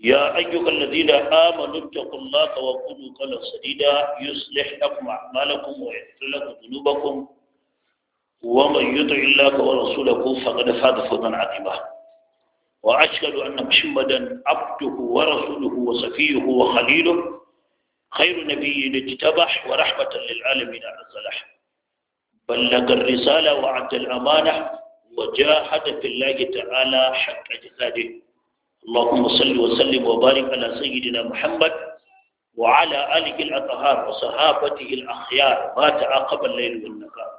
يا أيها الذين آمنوا اتقوا الله وقولوا قولا سديدا يصلح لكم أعمالكم ويغفر لكم ذنوبكم ومن يطع الله ورسوله فقد فاز فوزا عظيما وأشهد أن محمدا عبده ورسوله وصفيه وخليله خير نبي اجتبح ورحمة للعالمين على بلغ الرسالة وعد الأمانة وجاهد في الله تعالى حق جهاده اللهم صل وسلم وبارك على سيدنا محمد وعلى آله الأطهار وصحابته الأخيار ما تعاقب الليل والنهار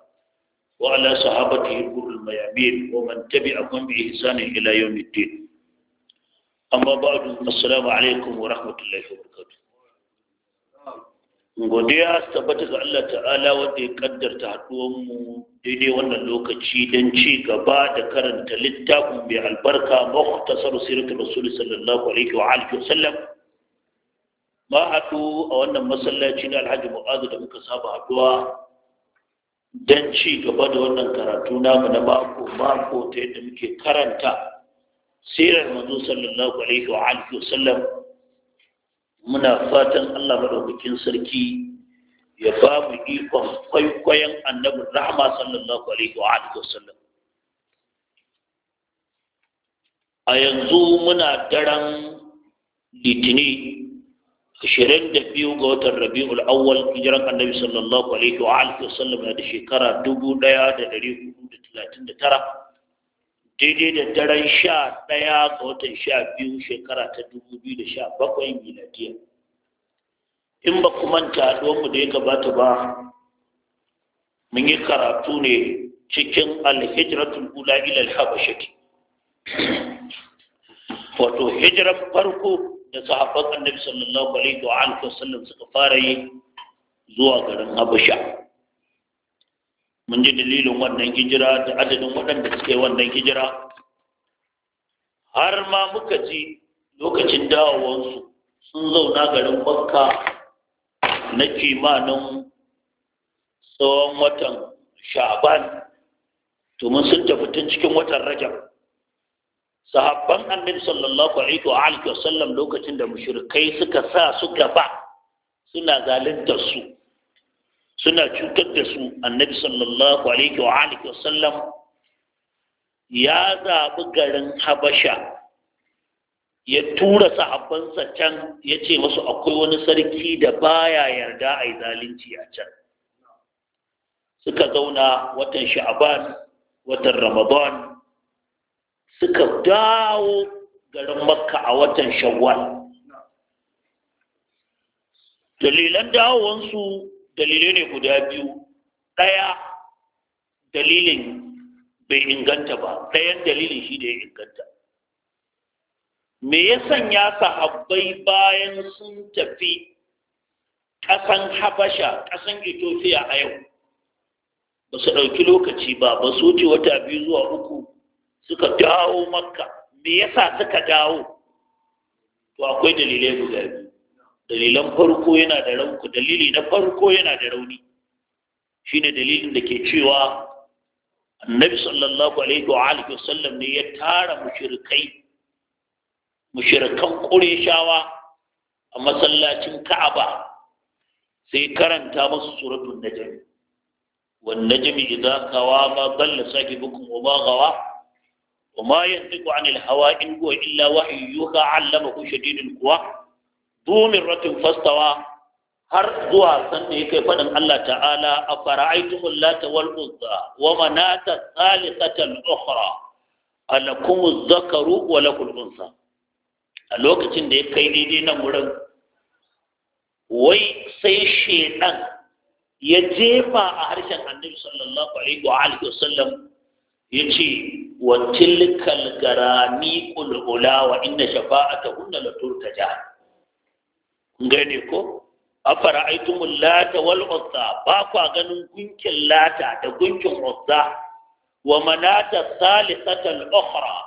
وعلى صحابته الغر الميامين ومن تبعهم بإحسان إلى يوم الدين أما بعد السلام عليكم ورحمة الله وبركاته godiya ya tabbata ga Allah ta'ala wanda ya kaddarta mu daidai wannan lokaci don ci gaba da karanta littafin mai albarka makhtasar sirrin rasul sallallahu alaihi wa alihi wa sallam ma haɗu a wannan masallaci na alhaji mu'azu da muka saba haɗuwa don ci gaba da wannan karatu namu na mako mako ta yadda muke karanta sirar manzo sallallahu alaihi wa alihi wa sallam muna fatan Allah madaukakin sarki ya ba mu ikon kwaikwayon annabin rahama sallallahu alaihi wa alihi wasallam a yanzu muna daren litini 22 ga watan rabi'ul awwal hijiran annabi sallallahu alaihi wa alihi wasallam da shekara 1439 daidai da daren sha ɗaya ga watan sha biyu shekara ta dubu biyu da sha bakwai miladiya in ba ku manta mu da ya gabata ba mun yi karatu ne cikin alhijratul ula ila alhabashati wato hijiran farko da sahabban annabi sallallahu alaihi wa alihi wasallam suka fara yi zuwa garin habasha mun ji dalilin wannan hijira da adadin waɗanda suke wannan hijira har ma muka ji lokacin dawowansu sun zauna garin makka na kimanin tsawon watan sha'ban domin sun tafi tun cikin watan rajab sahabban annabi sallallahu alaihi wa alihi sallam lokacin da mushrikai suka sa su ba suna zaluntar su suna cutar da su annabi sallallahu alaihi wa alihi wa sallam ya zaɓi garin habasha ya tura sahabbansa can ya ce masu akwai wani sarki da baya yarda a yi zalunci a can suka zauna watan sha'aban watan ramadan suka dawo garin makka a watan shawwal dalilan dawowansu dalilai ne guda biyu ɗaya dalilin bai inganta ba ɗayan dalilin shi da ya inganta me ya sanya sahabbai bayan sun tafi ƙasan habasha ƙasan ethiopia a yau ba su ɗauki lokaci ba ba su wuce wata biyu zuwa uku suka dawo makka me yasa suka dawo to akwai dalilai guda biyu dalilan farko yana da rauni, dalili na farko yana da rauni shine dalilin da ke cewa annabi sallallahu alaihi wa alihi wasallam ne ya tara mushrikai mushrikan qurayshawa a masallacin ka'aba sai karanta musu suratul najm wan najm idza kawa ma dalla sahibukum wa ma gawa wa ma yantiqu anil hawa in huwa illa wahyu yuha allamahu shadidul quwa Dumin ratin fastawa har zuwa sanda ya kai faɗin Allah ta'ala a fara'aitumul lata wal uzza wa manata thalithatan ukhra alakumuz zakaru wa lakul unsa a lokacin da ya kai daidai nan wurin wai sai shedan ya jefa a harshen annabi sallallahu alaihi wa alihi wasallam yace wa tilkal garani qul ula wa inna shafa'atahunna la turtaja gane ko afara aitumul lata wal uzza ba kwa ganin gunkin lata da gunkin uzza wa manata ta ukhra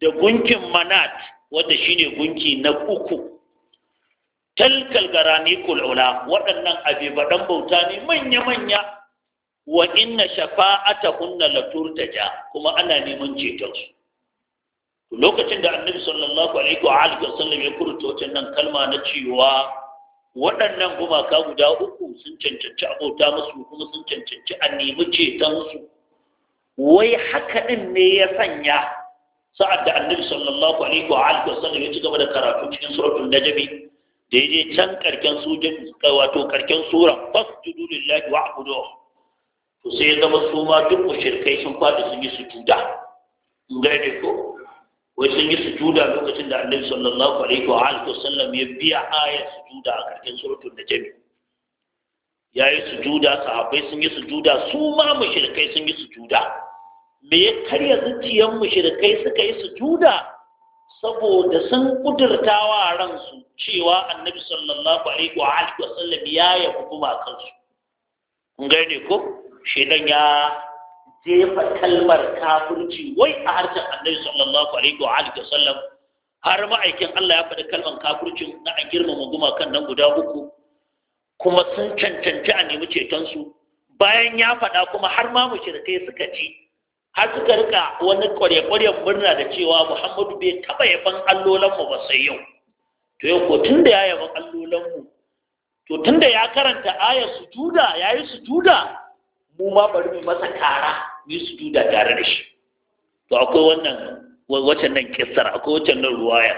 da gunkin manat wanda ne gunki na uku talkal garani kulula waɗannan baɗan bauta ne manya-manya wa inna shafa'atahunna laturtaja kuma ana neman cetonsu lokacin da annabi sallallahu alaihi wa alihi wasallam ya kurta wannan kalma na cewa waɗannan gumaka guda uku sun cancanci abota musu kuma sun cancanci a nemi ta su wai haka din ne ya sanya sa'ad da annabi sallallahu alaihi wa alihi wasallam ya ci gaba da karatu cikin suratul najmi da yaje can karken sujin wato karken sura fasjudu lillahi wa'budu to sai ya zama su ma duk mushrikai sun fada sun yi sujuda ngai ko wai sun yi sujuda lokacin da annabi sallallahu alaihi wa alihi wasallam ya biya ayar sujuda a karshen suratul najm ya yi sujuda sahabbai sun yi sujuda su ma mushrikai sun yi sujuda me ya karya zuciyan mushrikai suka yi sujuda saboda sun kudurta wa ransu cewa annabi sallallahu alaihi wa alihi wasallam ya kuma kansu kun gane ko shedan ya jefa kalmar kafirci wai a harshen annabi sallallahu alaihi wa alihi wasallam har ma'aikin Allah ya faɗi kalmar kafirci na a girmama kan nan guda uku kuma sun cancanci a nemi su. bayan ya faɗa kuma har ma mushrikai suka ci har suka rika wani kwarya-kwaryan murna da cewa muhammadu bai taɓa yaban allolanmu ba sai yau to yau ko tun da ya yaban allolanmu to tun da ya karanta ayar sujuda yayi sujuda mu ma bari mu masa kara yi su duda tare da shi to akwai wannan wacan nan kisar akwai wacan nan ruwaya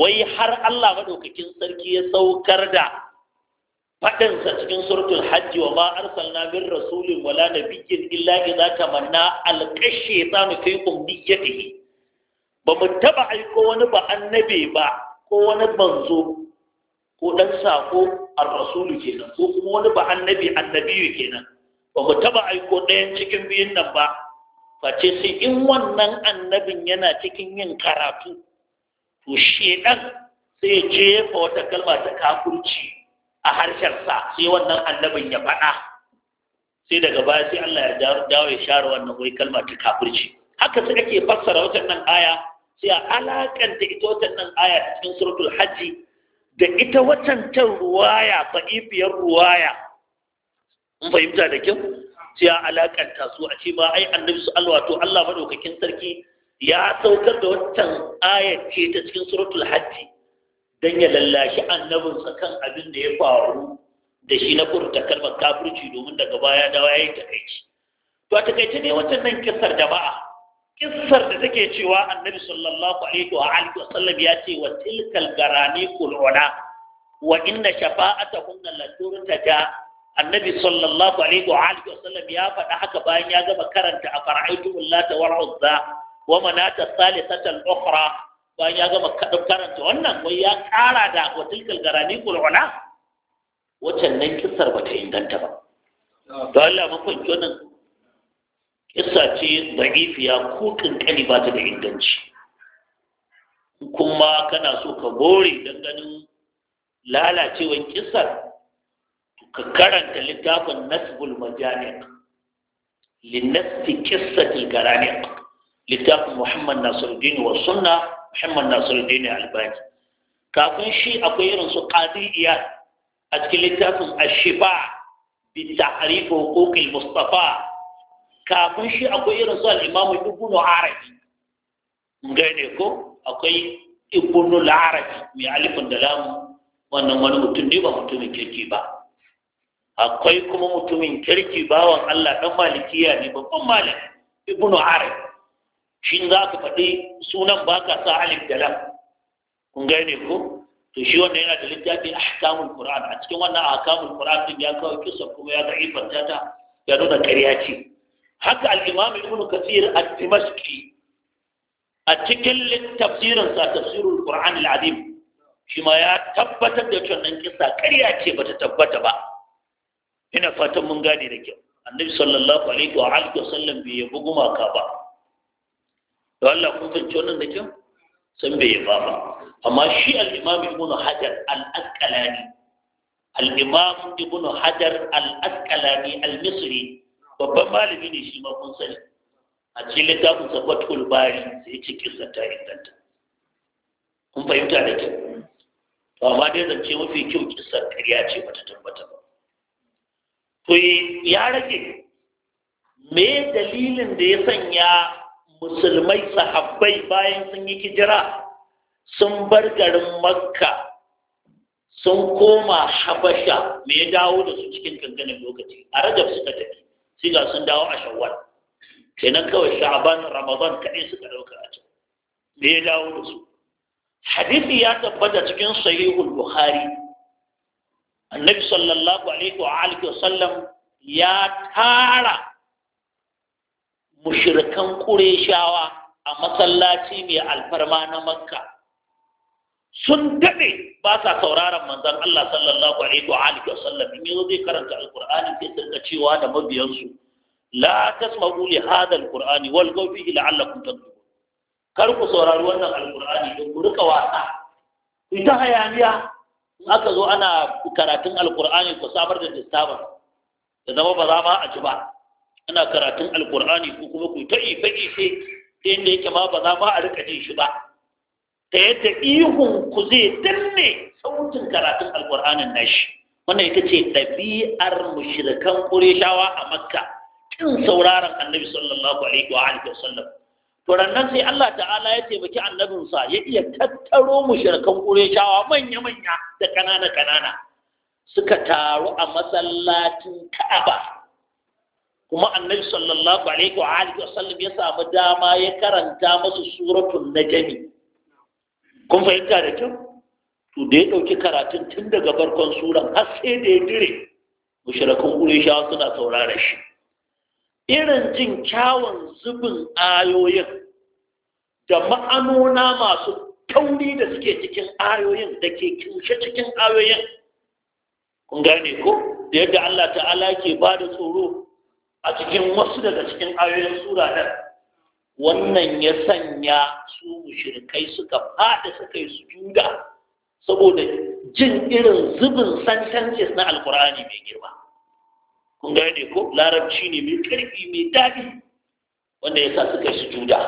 wai har Allah madaukakin sarki ya saukar da faɗinsa cikin suratul hajji wa ma arsalna min rasulin wala nabiyyin illa idza tamanna alqa shaytanu fi umniyatihi ba mu taba aiko wani ba annabi ba ko wani Banzo, ko dan sako ar-rasulu kenan ko kuma wani ba annabi annabi kenan ba mu taba aiko ɗayan cikin biyun nan ba face sai in wannan annabin yana cikin yin karatu to shedan sai ya jefa wata kalma ta kafurci a harshensa sai wannan annabin ya faɗa sai daga baya sai Allah ya dawo ya share wannan wai kalma ta kafurci haka sai ake fassara wata nan aya sai a alakanta ita wata nan aya cikin suratul hajji da ita watan ruwaya fa'ifiyar ruwaya mun fahimta da kyau sai a alakanta su a ce ma ai annabi su Allah wato Allah madaukakin sarki ya saukar da wancan ayar ce ta cikin suratul hajji dan ya lallashi annabinsa kan abin da ya faru da shi na furta kalmar kafirci domin daga baya dawa ya yi takaici to a takaice dai wancan nan kissar jama'a kissar da take cewa annabi sallallahu alaihi wa alihi wasallam ya ce wa tilkal garani kuluna wa inna shafa'atahunna la turtaja annabi sallallahu alaihi wa alihi wasallam ya faɗa haka bayan ya gama karanta a fara'aitu lata wal uzza wa manata al ukhra bayan ya gama karanta wannan wai ya kara da wa tilkal garani qul'ula waccan nan kissar bata inganta ba to Allah mun fahimci wannan kissa ce da'ifiya ko kankani ba ta da inganci kuma kana so ka gore dan ganin lalacewar kissar ka karanta littafin nasbul majaniq linnasfi qissatil garaniq littafin muhammad nasiruddin wa sunna muhammad nasiruddin albani kafin shi akwai irin su qadiyya a cikin littafin ashifa bi ta'rif huquq mustafa kafin shi akwai irin su al-imam ibn arabi gane ko akwai ibn al-arabi mai alifin da lamu wannan wani mutum ne ba mutumin kirki ba akwai kuma mutumin kirki bawan Allah dan malikiya ne babban malam ibnu arab shi za ka faɗi sunan Ba ka sa alif da lam kun gane ko to shi wannan yana da littafin ahkamul qur'an a cikin wannan ahkamul qur'an din ya kawo kisa kuma ya da'ifar ta ya nuna ƙarya ce haka al-imam ibn kathir at-timaski a cikin tafsirin sa tafsirul qur'an al-azim shi ma ya tabbatar da cewa nan kisa ƙarya ce bata tabbata ba ina fatan mun gane da kyau annabi sallallahu alaihi wa alihi wasallam bai yabi gumaka ba to Allah kun fahimci wannan da kyau san bai yaba ba amma shi al-imam ibnu hajar al-asqalani al-imam ibnu hajar al-asqalani al-misri babban malami ne shi ma kun sani a cikin littafin sa fatul bari sai ce kissa ta inganta kun fahimta da kyau to amma dai zance mafi kyau kissa ƙarya ce bata tabbata ba ya rage me dalilin da ya sanya musulmai sahabbai bayan sun yi kijira sun bar garin makka sun koma habasha me ya dawo da su cikin ganganin lokaci a rajab suka tafi sai ga sun dawo a shawwal kenan kawai sha'ban ramadan kaɗai suka ɗauka a can me ya dawo da su hadisi ya tabbata cikin sahihul bukhari annabi sallallahu alaihi wa alihi wa sallam ya tara mushrikan qurayshawa a masallaci mai alfarma na makka sun daɗe ba sa sauraron manzon Allah sallallahu alaihi wa alihi wa sallam in yazo zai karanta alqur'ani sai su cewa da mabiyansu la tasma'u li hadha alqur'ani wal fihi la'allakum tadhkurun kar ku saurari wannan alqur'ani don ku rika wasa ita hayaniya aka zo ana karatun alkur'ani ku samar da disturbance da zama ba za ma a ji ba ana karatun alkur'ani ko kuma ku ta ife ife ta yadda yake ma ba za ma a rika jin shi ba ta yadda ihun ku zai danne sautin karatun alkur'anin nashi wannan ita ce ɗabi'ar mushrikan ƙureshawa a makka kin sauraron annabi sallallahu alaihi wa alihi sallam to sai Allah ta'ala ya taimaki annabinsa ya iya tattaro mushrikan Qurayshawa manya-manya da ƙanana-ƙanana suka taru a masallacin Ka'aba kuma annabi sallallahu alaihi wa alihi wasallam ya samu dama ya karanta masu suratul najmi kun fahimta da kyau to da ya dauki karatun tun daga farkon suran har sai da ya dire mushrikan Qurayshawa suna saurara shi irin jin kyawun zubin ayoyin da ma'anona masu kauri da suke cikin ayoyin da ke kinshe cikin ayoyin kun gane ko da yadda Allah ta'ala ke ba da tsoro a cikin wasu daga cikin ayoyin sura da wannan ya sanya su shirkai suka fada suka yi sujuda saboda jin irin zubin sentences na alkur'ani mai girma kun gane ko larabci ne mai karfi mai daɗi wanda ya sa suka yi juda,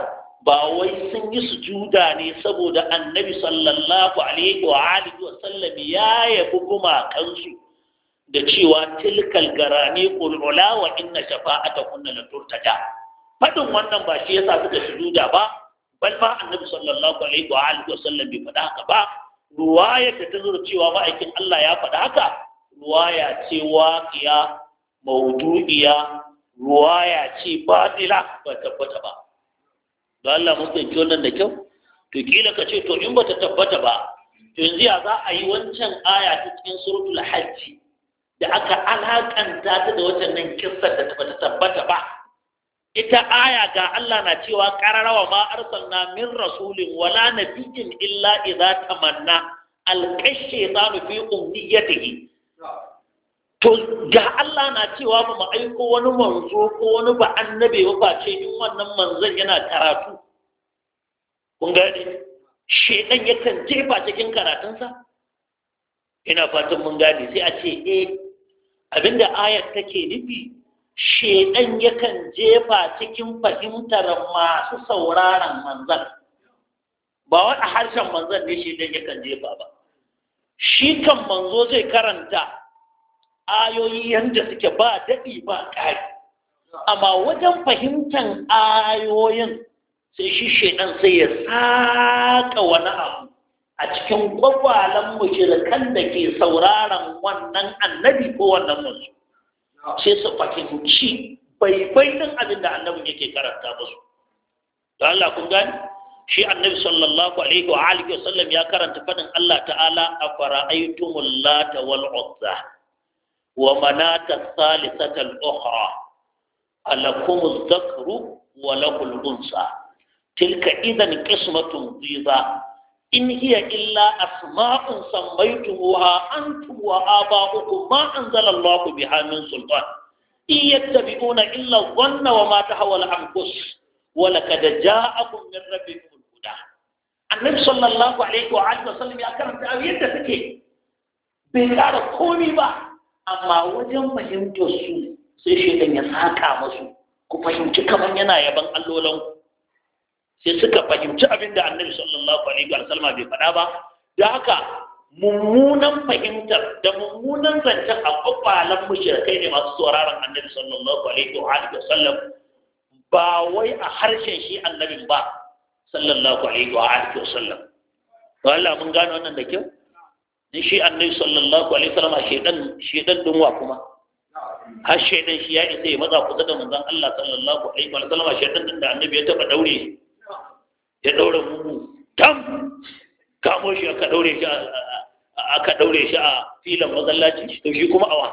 ba wai sun yi su juda ne saboda annabi sallallahu alaihi wa alihi wa sallam ya yabi gumakansu da cewa tilkal garani qulula wa inna shafa'ata kunna la turtaja fadin wannan ba shi yasa suka su juda ba bal ma annabi sallallahu alaihi wa alihi wa sallam bai faɗa haka ba ruwaya ta zuwa cewa ma'aikin Allah ya faɗa haka ruwaya ce ya. maudu'iya ruwaya ce batila ba tabbata ba don Allah mun fahimci wannan da kyau to kila ka ce to in bata tabbata ba to yanzu ya za a yi wancan aya ta cikin suratul hajji da aka alakanta ta da wata nan kissar da bata tabbata ba ita aya ga Allah na cewa qararawa ma arsalna min rasulin wala nabiyyin illa idza tamanna alqash shaytanu fi umniyatihi to ga Allah na cewa ba mu aiko wani manzo ko wani ba annabi ba ce in wannan manzon yana karatu kun gane shedan yakan jefa cikin karatunsa ina fatan mun gane sai a ce eh abinda ayat take nufi shedan yakan jefa cikin fahimtar masu sauraron manzon ba wani harshen manzon ne shedan yakan jefa ba shi kan manzo zai karanta ayoyi yadda suke ba daɗi ba ƙari amma wajen fahimtar ayoyin sai shi shaidan sai ya saƙa wani abu a cikin ƙwaƙwalen mushrikan da ke sauraron wannan annabi ko wannan musu sai su fahimci baibaitin abin da annabin yake karanta musu da Allah kun gani shi annabi sallallahu alaihi wa alihi wa sallam ya karanta faɗin Allah ta'ala a afara'aytumul lata wal uzza ومناة الثالثة الأخرى ألكم الذكر وله الأنثى تلك إذا قسمة ضيزى إن هي إلا أسماء سميتموها أنتم وآباؤكم ما أنزل الله بها من سلطان إن يتبعون إلا الظن وما تهوى الأنفس ولقد جاءكم من ربكم الهدى النبي صلى الله عليه وآله وسلم يا كرم تعالى يدفكي بكار قومي بقى amma wajen fahimtar su sai shaitan ya saka musu ku fahimci kamar yana yaban allolan sai suka fahimci abin da annabi sallallahu alaihi wa sallama bai faɗa ba da haka mummunan fahimtar da mummunan zancen a kwakwalen mushrikai ne masu sauraron annabi sallallahu alaihi wa sallam ba wai a harshen shi annabin ba sallallahu alaihi wa sallam to Allah mun gane wannan da kyau in shi annabi sallallahu alaihi wasallam shedan shedan din wa kuma har shedan shi ya isa ya matsa kusa da manzon Allah sallallahu alaihi wasallam shedan din da annabi ya taba daure ya daure mugu tam kamo shi aka daure shi aka daure shi a filan shi to shi kuma awa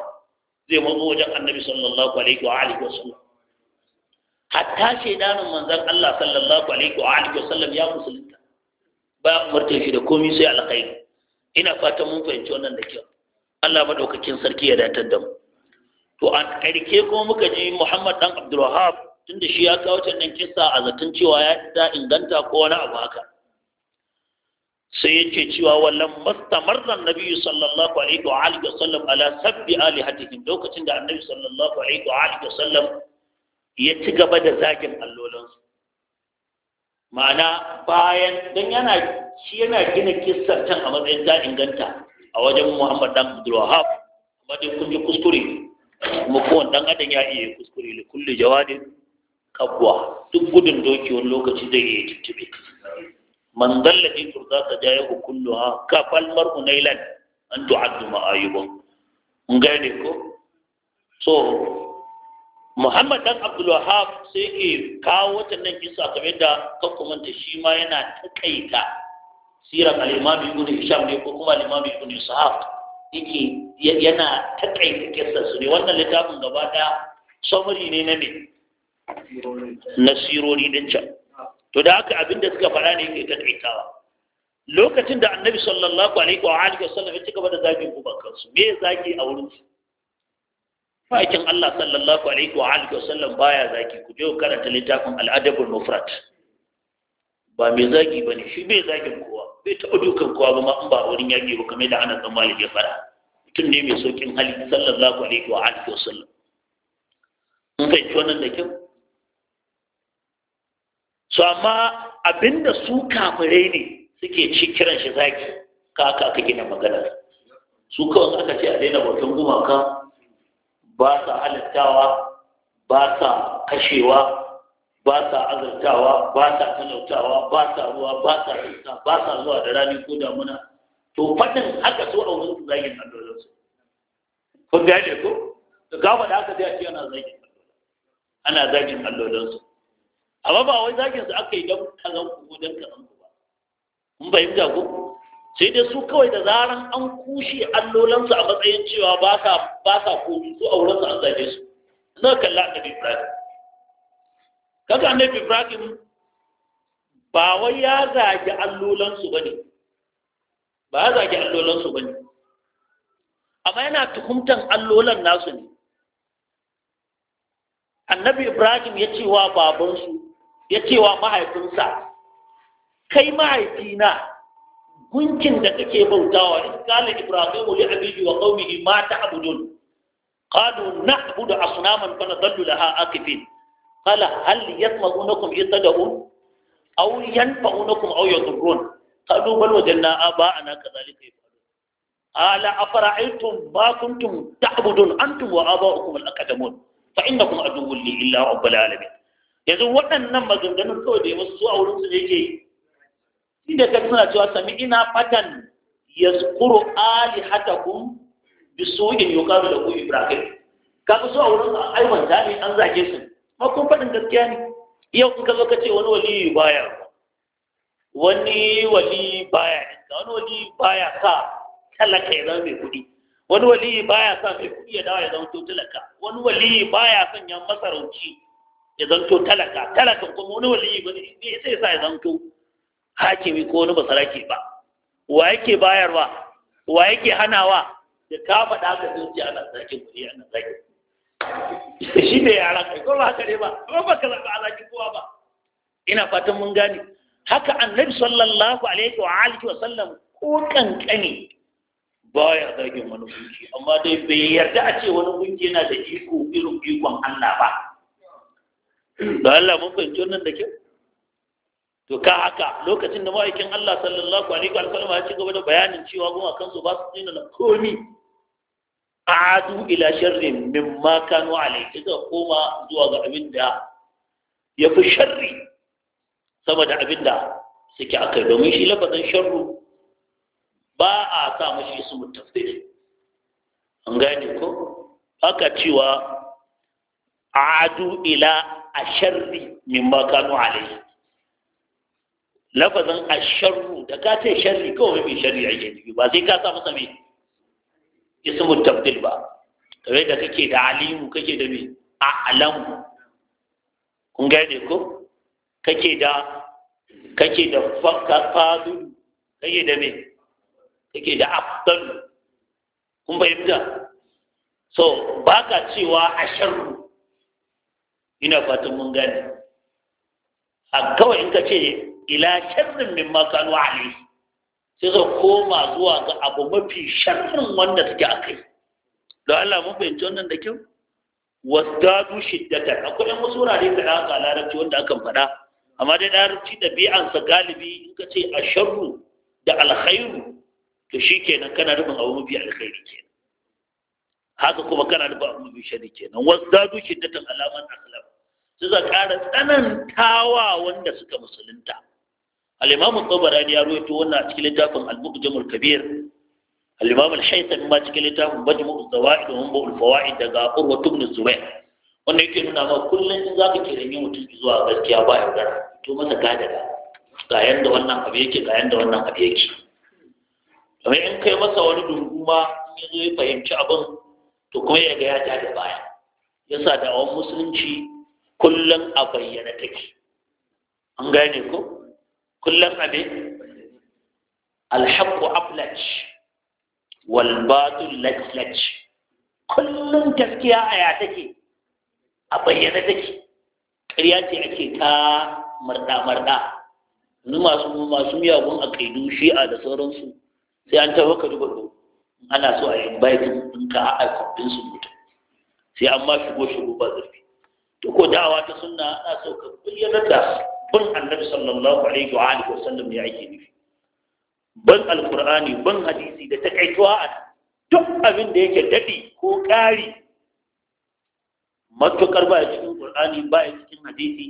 zai mazo wajen annabi sallallahu alaihi wa alihi wasallam hatta shedanin manzon Allah sallallahu alaihi wa alihi wasallam ya musulunta ba umurta shi da komai sai alkhairi ina fatan mun fahimci wannan da kyau Allah maɗaukakin sarki ya datar da mu to a ƙarke kuma muka ji Muhammad dan Abdul tunda shi ya kawo wannan kissa a zaton cewa ya ta inganta ko wani abu haka sai yake cewa wallan mastamarra nabi sallallahu alaihi wa alihi wasallam ala sabbi alihatihim lokacin da annabi sallallahu alaihi wa alihi wasallam ya ci gaba da zagin allolansu ma'ana bayan don yana shi yana gina kissar can a matsayin ta inganta a wajen muhammad dan abdulwahab kuma dai kun ji kuskure kuma kowane dan adam ya iya kuskure da kulle jawadin kabwa duk gudun doki wani lokaci zai iya tuntube man zallaji turza ta jaya ha ka falmar unailan an tu'addu ma'ayuba mun gane ko so muhammad dan abdulwahab sai ke kawo watannan kisa kamar da kakkumanta shi ma yana takaita sirar al'imam ibn hisham ne ko kuma al'imam ibn sahab yake yana takaita kisa su ne wannan littafin gaba da samari ne na me na sirori din can to da haka abin da suka faɗa ne yake takaitawa lokacin da annabi sallallahu alaihi wa alihi wasallam ya ci gaba da zagin gubakan kansu, me zagi a wurin su fakin Allah sallallahu alaihi wa alihi wa sallam baya zaki ku je karanta littafin al-adabul mufrad ba mai zaki bane shi bai zakin kowa bai taɓa dukan kowa ba ma in ba wurin yaƙi ba kamar da ana tsammani ya fara mutum ne mai saukin hali sallallahu alaihi wa alihi wa sallam in kai wannan da kyau su amma abinda su kafirai ne suke ci kiran shi zaki ka aka gina maganar su kawai aka ce a daina bautan gumaka ba sa halittawa ba sa kashewa ba sa azartawa ba sa talautawa ba sa ruwa ba sa rasa ba sa zuwa da rani ko damuna to fadin haka so a wurin zagin su. kun ga ne ko da ga da haka sai yana ana zagin ana zagin allolinsu amma ba wai zagin su aka yi don kazan ko dan kazan ba mun fahimta ko sai dai su kawai da zaran an kushe allolansu a matsayin cewa ba sa ba sa komi su aurensu an zage su na kalla annabi ibrahim kaga annabi ibrahim ba wai ya zage allolansu bane ba ya zage allolansu bane amma yana tuhumtan allolan nasu ne annabi ibrahim ya ce wa babansu ya ce wa mahaifinsa kai mahaifina gunkin da kake bautawa in kala ibrahimu li abihi wa qaumihi ma ta'budun qalu na'budu asnaman fa nadallu laha akifin qala hal yasma'unakum yatad'un aw yanfa'unakum aw yadurrun qalu bal wajanna aba'ana kadhalika yaf'alun ala afara'aytum ma kuntum ta'budun antum wa aba'ukum al-aqdamun fa innakum aduwwun li illa rabbil alamin yanzu waɗannan maganganun kawai da ya musu su a wurin su ne yake yi inda ka suna cewa sami ina fatan ya zukuru ali hata kun bi soyin yukaru da ku ibrahim kaga so a wurin a jami an zage su ma kun faɗin gaskiya ne yau in ka zo ka ce wani wali baya wani wali baya wani wali baya sa talaka ya zama mai kuɗi wani wali baya sa mai kuɗi ya dawo ya zama to talaka wani wali baya son ya masarauci ya zanto talaka talaka kuma wani wali ba ne sai ya sa ya zanto hakimi ko wani basarake ba wa yake bayarwa wa yake hanawa da ka faɗa ka zuci ana zakin kuɗi ana zakin shi ne yara kai ko ba haka ne ba ba ba ka zaɓa alaki kowa ba ina fatan mun gane haka annabi sallallahu alaihi wa alihi wa sallam ko kankani ya zagin wani gunki amma dai bai yarda a ce wani gunki yana da iko irin ikon Allah ba da Allah mun fahimci wannan da kyau to ka haka lokacin da ma'aikin Allah sallallahu alaihi wa sallam ya ci gaba da bayanin cewa goma kansu ba su tsina na komi adu ila sharri mimma kanu alai suka koma zuwa ga abin da ya fi sharri sama da abin da suke akai domin shi lafazin sharru ba a sa mashi su mutafsir an gane ko haka cewa adu ila a sharri mimma kanu alai lafazin asharru da ka ce sharri kawai mai sharri ake yi ba sai ka sa masa mai ismu tabdil ba kamar da kake da alimu kake da mai a'lamu kun gane ko kake da kake da fadulu kake da mai kake da afdalu kun fahimta so ba ka cewa asharru ina fatan mun gane a kawai in ka ce ila sharrin mimma kanu alayhi sai suka koma zuwa ga abu mafi sharrin wanda take a kai don Allah mun fahimci wannan da kyau wasdadu shiddata akwai yan wasu wurare da aka larabci wanda aka faɗa amma dai larabci ɗabi'ansa galibi in ka ce a da alkhairu to shi kenan kana rubin abu mafi alkhairi kenan haka kuma kana rubin abu mafi shari kenan wasdadu shiddatan alaman akhlaq sai za ƙara tsanantawa wanda suka musulunta al-imam at-tabarani ya rawaito wannan a cikin littafin al-muqjam al-kabir al-imam al-haythami ma cikin littafin majmu' zawaid wa mabul fawaid daga urwa ibn zubair wannan yake nuna ma kullun in zaka kiranye mutum zuwa gaskiya ba ya to masa gada ga yanda wannan abu yake ga yanda wannan abu yake kamar in kai masa wani dunguma in ya zo ya fahimci abin to kuma ya ga ya ja da baya yasa da'awar musulunci kullum a bayyana take an gane ko kullum abe alhaqqu aflaj wal batil lajlaj kullum gaskiya a ya take a bayyana take ƙarya ce ake ta marɗa-marɗa yanzu masu masu miyagun aƙidu shi'a da sauransu sai an tafi ka duba ana so a yi baitin ɗinka a aikobin su mutum sai an ma shigo shigo ba zafi. to ko da'awa ta suna ana so ka bayyana ta. bin annabi sallallahu alaihi wa alihi wasallam ya yake nufi ban alqur'ani ban hadisi da takaituwa a duk abin da yake dadi ko ƙari matukar ba cikin qur'ani ba cikin hadisi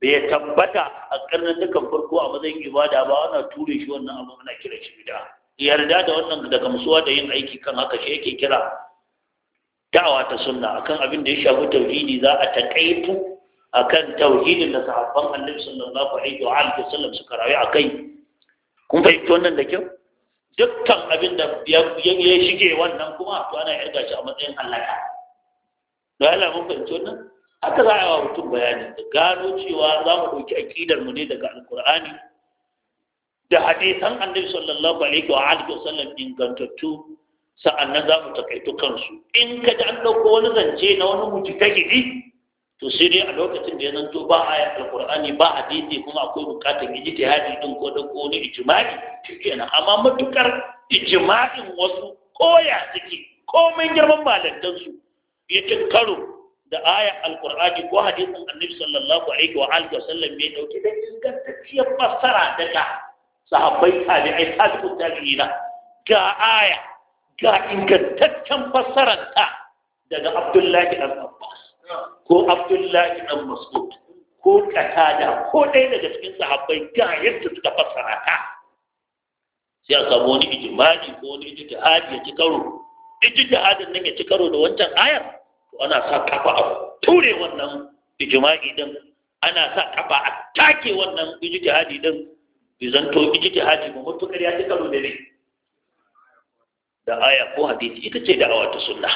bai tabbata a karnan dukan farko a matsayin ibada ba ana ture shi wannan abu ana kira shi bid'a yarda da wannan da gamsuwa da yin aiki kan haka shi yake kira da'awa ta sunna akan abin da ya shafi tauhidi za a taƙaitu akan tauhidin da sahabban annabi sallallahu alaihi wa alihi wasallam suka rayu akai kun fahimci wannan da kyau dukkan abin da ya shige wannan kuma to ana yarda shi a matsayin halaka da Allah mun fahimci wannan aka za a yi wa mutum bayani da gano cewa za mu ɗauki aƙidar mu ne daga alkur'ani da hadisan annabi sallallahu alaihi wa alihi wasallam ingantattu sa'annan za mu takaito kansu in ka ji an ɗauko wani zance na wani gidi? to sai dai a lokacin da ya zanto ba aya alkur'ani ba hadisi kuma akwai bukatar haɗi din ko da ko ne ijma'i kenan amma matukar ijma'in wasu koya suke komai girman malantan su ya cin karo da aya alkur'ani ko hadisin annabi sallallahu alaihi wa alihi wasallam bai dauke da ingantacciyar fassara daga sahabbai tabi'ai tabi'ut tabi'ina ga aya ga ingantaccen fassararta daga abdullahi dan abbas ko abdullahi dan mas'ud ko katada ko ɗaya daga cikin sahabbai ga yadda suka fassara ta sai a samu wani ijimaji ko wani ijtihadi ya ci karo ijtihadin nan ya ci karo da wancan ayar to ana sa kafa a ture wannan ijimaji din ana sa kafa a take wannan ijtihadi din bizanto ijtihadi ba mutukar ya ci karo da ne da aya ko hadisi ita ce da awata sunna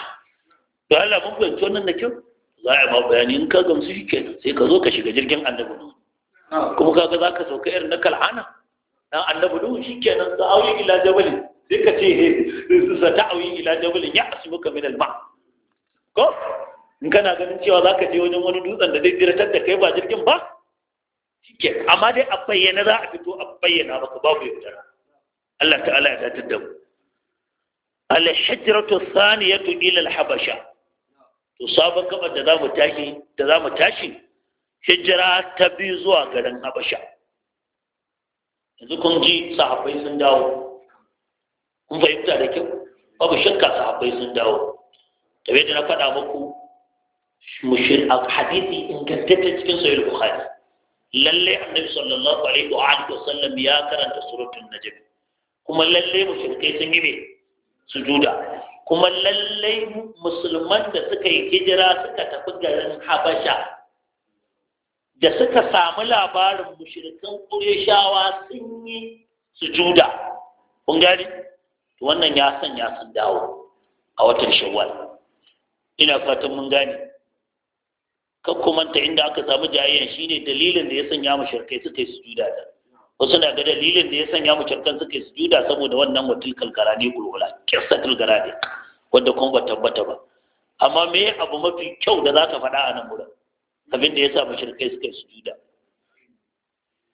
to Allah mun fahimci wannan da kyau za a ma bayani in ka gamsu shi kenan sai ka zo ka shiga jirgin annabi nuhu kuma kaga za ka sauka irin na kal'ana dan annabi nuhu shi kenan za a yi ila jabalin sai ka ce za ta auyi ila jabalin ya asibuka min alma. ko in kana ganin cewa za ka je wajen wani dutsen da zai jiratar da kai ba jirgin ba shike amma dai a bayyana za a fito a bayyana maka babu yaudara Allah ta'ala ya datar da mu al-hijratu thaniyatu ila al-habasha to sabon kafar da zamu tashi da zamu tashi hijira ta biyu zuwa garin Habasha yanzu kun ji sahabbai sun dawo kun fahimta da kyau babu shakka sahabbai sun dawo Da da na faɗa muku mushir hadisi ingantacce cikin sahih bukhari lalle annabi sallallahu alaihi wa alihi wasallam ya karanta suratul najm kuma lalle mushrikai sun yi me sujuda kuma lallai musulman da suka yi hijira suka tafi garin habasha da suka samu labarin mushirikan ƙureshawa sun yi sujuda kun gani wannan ya sanya sun dawo a watan shawwal ina fatan mun gani kakkumanta inda aka samu jayayyan shine dalilin da ya sanya mushirikai suka yi sujuda da wasu na ga dalilin da ya sanya mu kyautan suke sujuda saboda wannan watil kalkara ne gulgula kissa kalkara ne wanda kuma ba tabbata ba amma me abu mafi kyau da za ka faɗa a nan wurin abin da ya sa mashirkai suke yi sujuda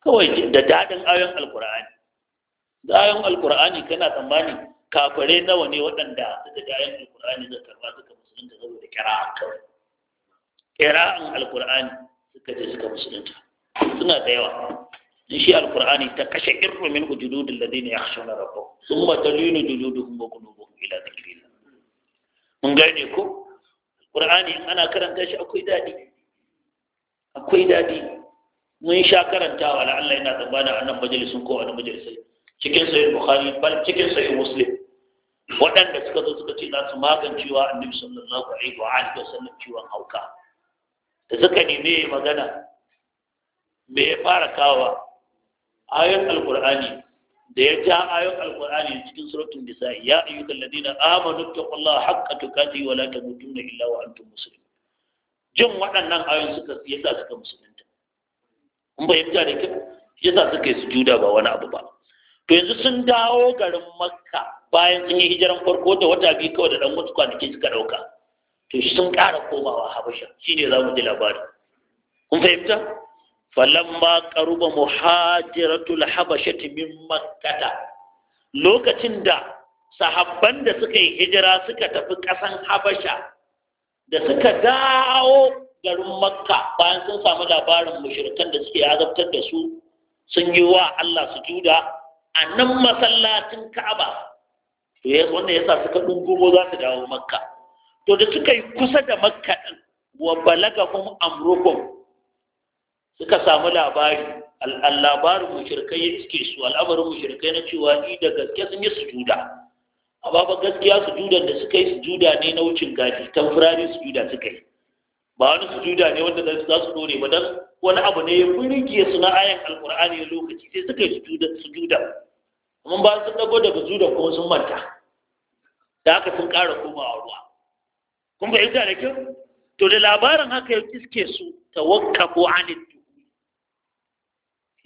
kawai da daɗin ayon alkur'ani da ayon alkur'ani kana tsammani kafare nawa ne waɗanda suka ji ayon alkur'ani da karɓa suka musulunta saboda a kawai an alkur'ani suka je suka musulunta suna da yawa in shi alqur'ani ta kashe irru min ujudud alladhina yakhshawna rabbahum thumma talinu juluduhum wa qulubuhum ila dhikrillah mun gane ku? alqur'ani ana karanta shi akwai daɗi. akwai dadi mun sha karantawa la Allah yana tsammana a wannan majalisun ko a nan majalisai cikin sahih bukhari bal cikin sahih musulun. waɗanda suka zo suka ce za su magancewa annabi sallallahu alaihi wa alihi wasallam ciwon hauka da suka nemi magana me ya fara kawa ayoyin alkur'ani da ya ja ayoyin alkur'ani cikin suratul nisa ya ayyuhal ladina amanu taqullaha haqqa tuqati wa la tamutunna illa wa antum muslimun jin waɗannan ayoyin suka yasa suka musulunta in fahimta da kyau yasa suka yi sujuda ba wani abu ba to yanzu sun dawo garin makka bayan sun yi hijiran farko da wata biyu kawai da ɗan wasu kwanaki suka ɗauka to sun ƙara komawa habasha shi ne za mu ji labari kun fahimta falamma qaruba muhajiratul habashati min makkata lokacin da sahabban da suka yi hijira suka tafi ƙasan habasha da suka dawo garin makka bayan sun samu labarin mushrikan da suke azabtar da su sun yi wa Allah sujuda a nan masallacin Ka'aba to ya wanda yasa suka dungumo za su dawo makka to da suka yi kusa da makka din wa balagahum amrukum suka samu labari al'abarin mushirkai ya iske su al'amarin mushirkai na cewa ni da gaske sun yi sujuda amma ba gaskiya sujudan da suka yi sujuda ne na wucin gadi tamfurari sujuda suka yi ba wani sujuda ne wanda za su dore ba dan wani abu ne ya burge su na ayan alkur'ani lokaci sai suka yi sujuda amma ba sun dago daga sujudan kuma sun manta da haka sun ƙara komawa ruwa kun fahimta da kyau to da labarin haka ya iske su tawakkafu anid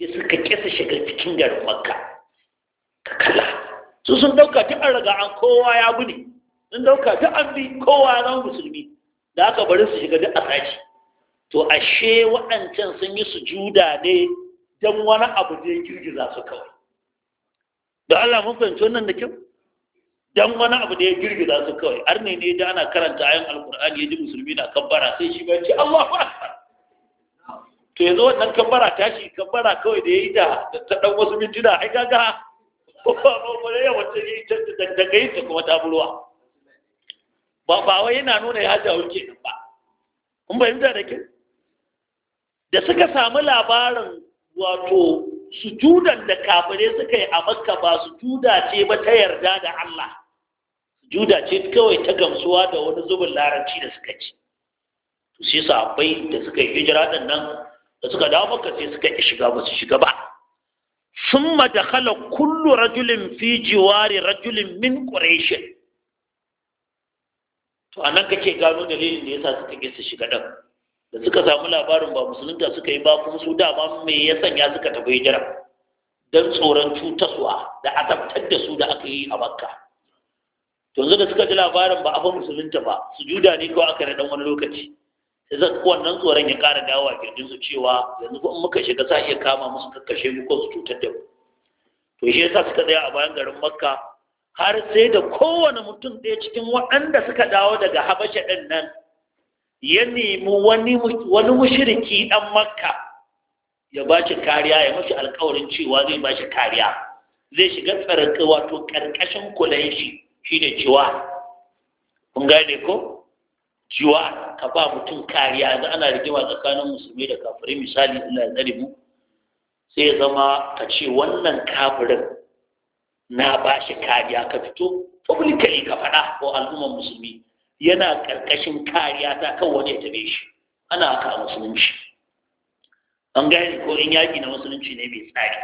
sai suka kesa shiga cikin garin makka ka kalla su sun dauka ta an an kowa ya gudu, sun dauka ta an bi kowa ya zama musulmi da aka bari su shiga duk asaci to ashe waɗancan sun yi sujuda ne don wani abu da ya girgiza su kawai da Allah mun fahimci wannan da kyau dan wani abu da ya girgiza su kawai arne ne da ana karanta ayan alkur'ani ya ji musulmi na kabbara sai shi ba ce Allahu akbar to yanzu wannan kambara tashi kambara kawai da ya yi da ta ɗan wasu mintuna ai gaga wani yawan ta yi ta gayi ta kuma ta buruwa ba ba wai yana nuna ya jawo ke nan ba kun fahimta da ke da suka samu labarin wato sujudan da kafirai suka yi a makka ba sujuda ce ba ta yarda da Allah sujuda ce kawai ta gamsuwa da wani zubin larabci da suka ci to sai sahabbai da suka yi hijira din nan da suka dawo maka sai suka ki shiga ba su shiga ba sun madakhala kullu rajulin fi jiwari rajulin min quraish to anan kake gano dalilin da yasa suka ki su shiga ɗan, da suka samu labarin ba musulunta suka yi ba kuma su dama me ya sanya suka tafi hijira don tsoron cutaswa da azabtar da su da aka yi a makka to da suka ji labarin ba a fa musulunta ba su juda ne kawai aka na dan wani lokaci wannan tsoron ya ƙara dawo a su cewa yanzu ko muka shiga sa iya kama musu kakkashe mu ko su cutar da mu to shi yasa suka tsaya a bayan garin makka har sai da kowane mutum ɗaya cikin waɗanda suka dawo daga habasha ɗin nan ya nemi wani mushiriki mushriki ɗan makka ya ba shi kariya ya mashi alƙawarin cewa zai ba shi kariya zai shiga tsarin wato ƙarƙashin kulayen shi ne cewa kun gane ko jiwa ka ba mutum kariya yanzu ana rigima tsakanin musulmi da kafirai misali ina zari mu sai ya zama ka ce wannan kafirin na ba shi kariya ka fito publicly ka faɗa ko al'ummar musulmi yana ƙarƙashin kariya ta kan wani ya tabe shi ana haka musulunci an gane ko in yaƙi na musulunci ne mai tsari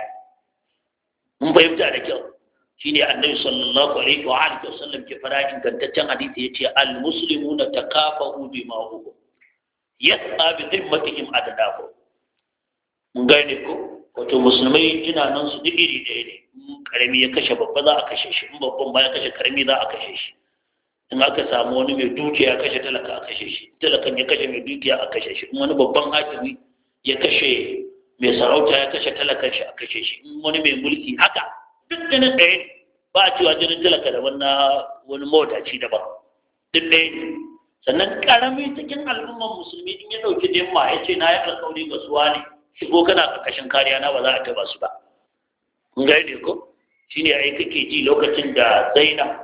mun fahimta da kyau shine annabi sallallahu alaihi wa alihi wasallam ke fara ingantaccen hadisi yace al muslimuna takafahu bima huwa yas'a bi dhimmatihim adadahu mun gane ko wato musulmai ina nan su duk iri ɗaya ne karami ya kashe babba za a kashe shi in babban ba ya kashe karami za a kashe shi in aka samu wani mai dukiya ya kashe talaka a kashe shi talakan ya kashe mai dukiya a kashe shi in wani babban hakimi ya kashe mai sarauta ya kashe talakan shi a kashe shi in wani mai mulki haka duk ganin ɗaya ba a cewa jirin talaka da na wani ci daban duk ɗaya ne sannan ƙarami cikin al'ummar musulmi in ya ɗauki yamma ya ce na yi alƙawari ga suwa ne shigo kana ƙarƙashin kariya na ba za a taɓa su ba kun gane ko shine ai kake ji lokacin da zaina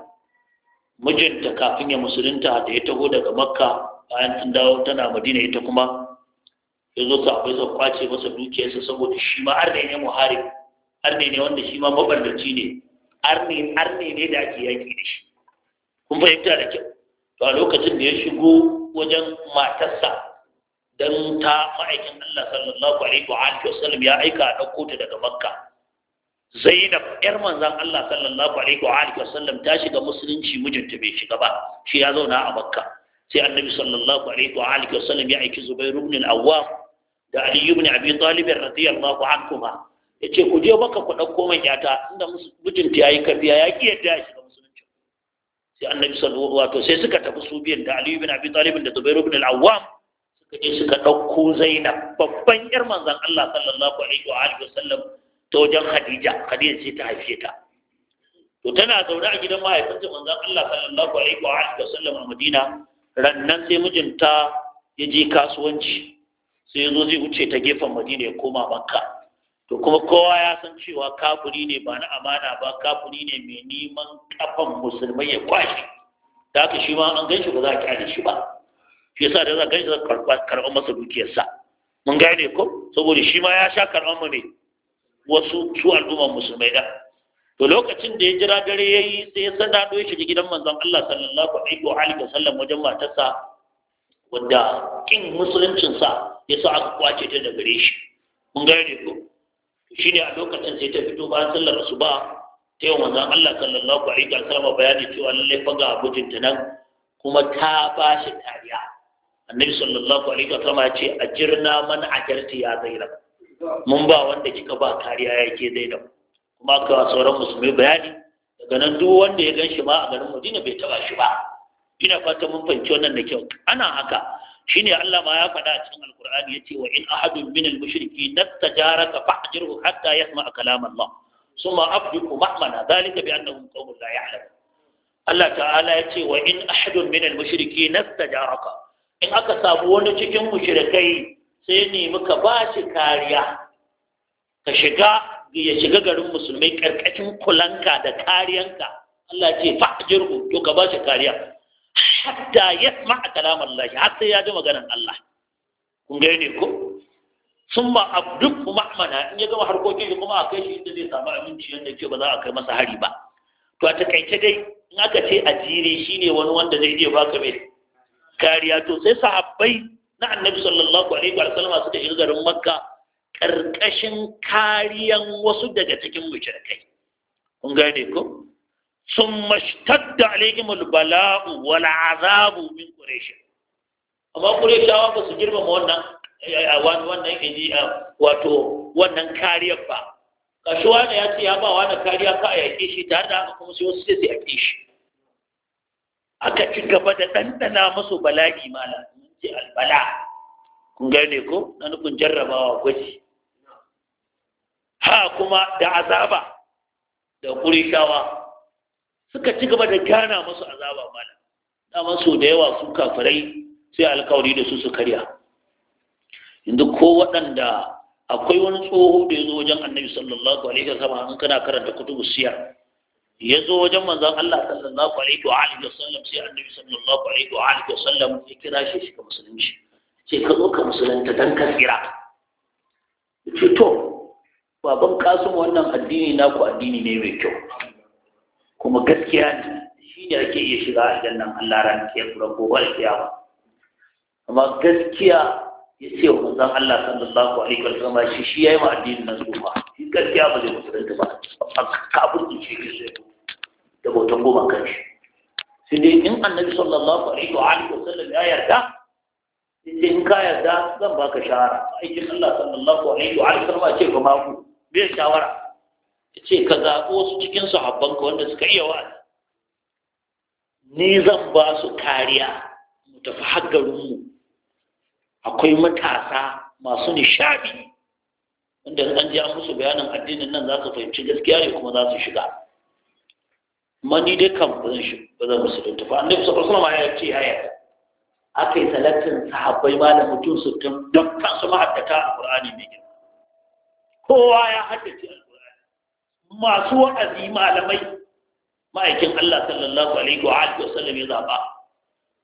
mijinta kafin ya musulunta da ya taho daga makka bayan tun dawo tana madina ita kuma ya zo sabai sa kwace masa dukiyarsa saboda shi ma har da ya muharib arne ne wanda shi ma maballaci ne arne arne ne da ake yaki da shi kun fahimta da kyau to a lokacin da ya shigo wajen matarsa dan ta ma'aikin Allah sallallahu alaihi wa alihi wasallam ya aika a dauko ta daga Makka Zainab yar manzon Allah sallallahu alaihi wa alihi wasallam ta shiga musulunci mijinta bai shiga ba shi ya zauna a Makka sai Annabi sallallahu alaihi wa alihi wasallam ya aiki Zubair ibn al-Awwam da Ali ibn Abi Talib radiyallahu anhuma ya ce ku je baka ku ɗauko man yata inda mijinta ya yi kafiya ya ƙi yadda ya shiga musulunci sai annabi sallallahu wato sai suka tafi su biyan da aliyu bin abi talib da zubairu bin al-awwam suka je suka ɗauko zainab babban yar manzon Allah sallallahu alaihi wa alihi wasallam ta wajen khadija khadija ce ta haife ta to tana zaune a gidan mahaifinta manzon Allah sallallahu alaihi wa alihi wasallam a Madina rannan sai mijinta ya je kasuwanci sai ya zo zai wuce ta gefen Madina ya koma Makka to kuma kowa ya san cewa kafuri ne ba na amana ba kafuri ne mai neman kafan musulmai ya kwashe da haka shi ma an ganshi ba za a kyale shi ba shi yasa da za a ganshi za karɓar masa dukiyarsa mun gane ko saboda shi ma ya sha karɓar mu ne wasu su al'umman musulmai da to lokacin da ya jira dare ya yi sai ya sana ya shiga gidan manzon Allah sallallahu alaihi wa alihi wasallam wajen matarsa wanda kin musuluncinsa ya sa aka kwace ta da gare shi mun gane ko ne a lokacin sai ta fito bayan sallar asuba ta yi manzon Allah sallallahu alaihi wa sallam bayani cewa lallai fa ga mutunta nan kuma ta ba shi kariya annabi sallallahu alaihi wa sallam ya ce ajirna man ajarti ya zainab mun ba wanda kika ba kariya yake zainab kuma ka sauran musulmi bayani daga nan duk wanda ya gan shi ma a garin Madina bai taba shi ba ina fata mun fahimci wannan da kyau ana haka shine Allah ma ya faɗa a cikin al alkur'ani yace wa in ahadun min al-mushriki nastajaraka fa'jirhu hatta yasma'a kalam Allah summa abdiku mahmana dhalika bi annahum qawmun la ya'lamun Allah ta'ala yace wa in ahadun min al-mushriki nastajaraka in aka samu wani cikin mushrikai sai ne muka ba shi kariya ka shiga ya shiga garin musulmai karkashin kulanka da kariyanka Allah ce fa'jirhu to ka ba shi kariya hatta yasma a lashi, har sai ya ji maganar Allah kun ga ne ko sun ba abduk ma'amana in ya gama harkokin shi kuma a kai shi inda zai samu aminci yadda ke ba za a kai masa hari ba to a takaice dai in aka ce a jiri shine wani wanda zai iya baka mai kariya to sai sahabbai na annabi sallallahu alaihi wa sallama suka shiga garin makka karkashin kariyan wasu daga cikin mucirkai kun gane ko sun da alaihimul bala'u wal azabu min quraish amma qurayshawa ba su girmama wannan eh, eh, wannan inji eh, wato wannan kariyar ba kashuwa da ya ce ya ba wannan kariya ka a yaƙe shi tare da haka kuma sai wasu sai a yaƙe shi aka ci gaba da ɗanɗana masu bala'i mala ce albala kun gane ko na nufin jarrabawa gwaji ha kuma da azaba da kurishawa suka ci gaba da gana masu azaba mana dama so da yawa su kafirai sai alkawari da su su karya yanzu ko waɗanda akwai wani tsoho da ya zo wajen annabi sallallahu alaihi wa sallam an kana karanta kutubu siyar ya zo wajen manzon Allah sallallahu alaihi wa alihi sallam sai annabi sallallahu alaihi wa alihi sallam ya kira shi shi ka musulunci sai ka zo ka musulunta dan ka tsira ce to baban kasu wannan addini naku addini ne mai kyau kuma gaskiya ne shi ne ake iya shiga a idan nan Allah ran ke kura walƙiya ba amma gaskiya ya ce wa manzon Allah sallallahu alaihi wa sallam shi shi yayi ma addinin nan tsufa shi gaskiya ba zai musulunta ba kafin shi ke sai da bautan goma kan shi sai dai in annabi sallallahu alaihi wa sallam ya yarda in ka yarda zan baka shawara aikin Allah sallallahu alaihi wa sallam ce ba ku bai shawara ce ka zaɓo su cikin sahabbanka wanda suka iya wa'azi ni zan ba su kariya mu tafi haggarinmu akwai matasa masu nishaɗi wanda an ji an musu bayanin addinin nan za su fahimci gaskiya ne kuma za su shiga mani dai kan ba zan shi ba annabi sallallahu alaihi wasallam ya ce yaya aka yi salatin sahabbai ma da mutum tun dukkan su mahaddata a ƙur'ani mai girma kowa ya haddace masu wa'azi malamai ma'aikin Allah sallallahu alaihi wa alihi wasallam ya zaba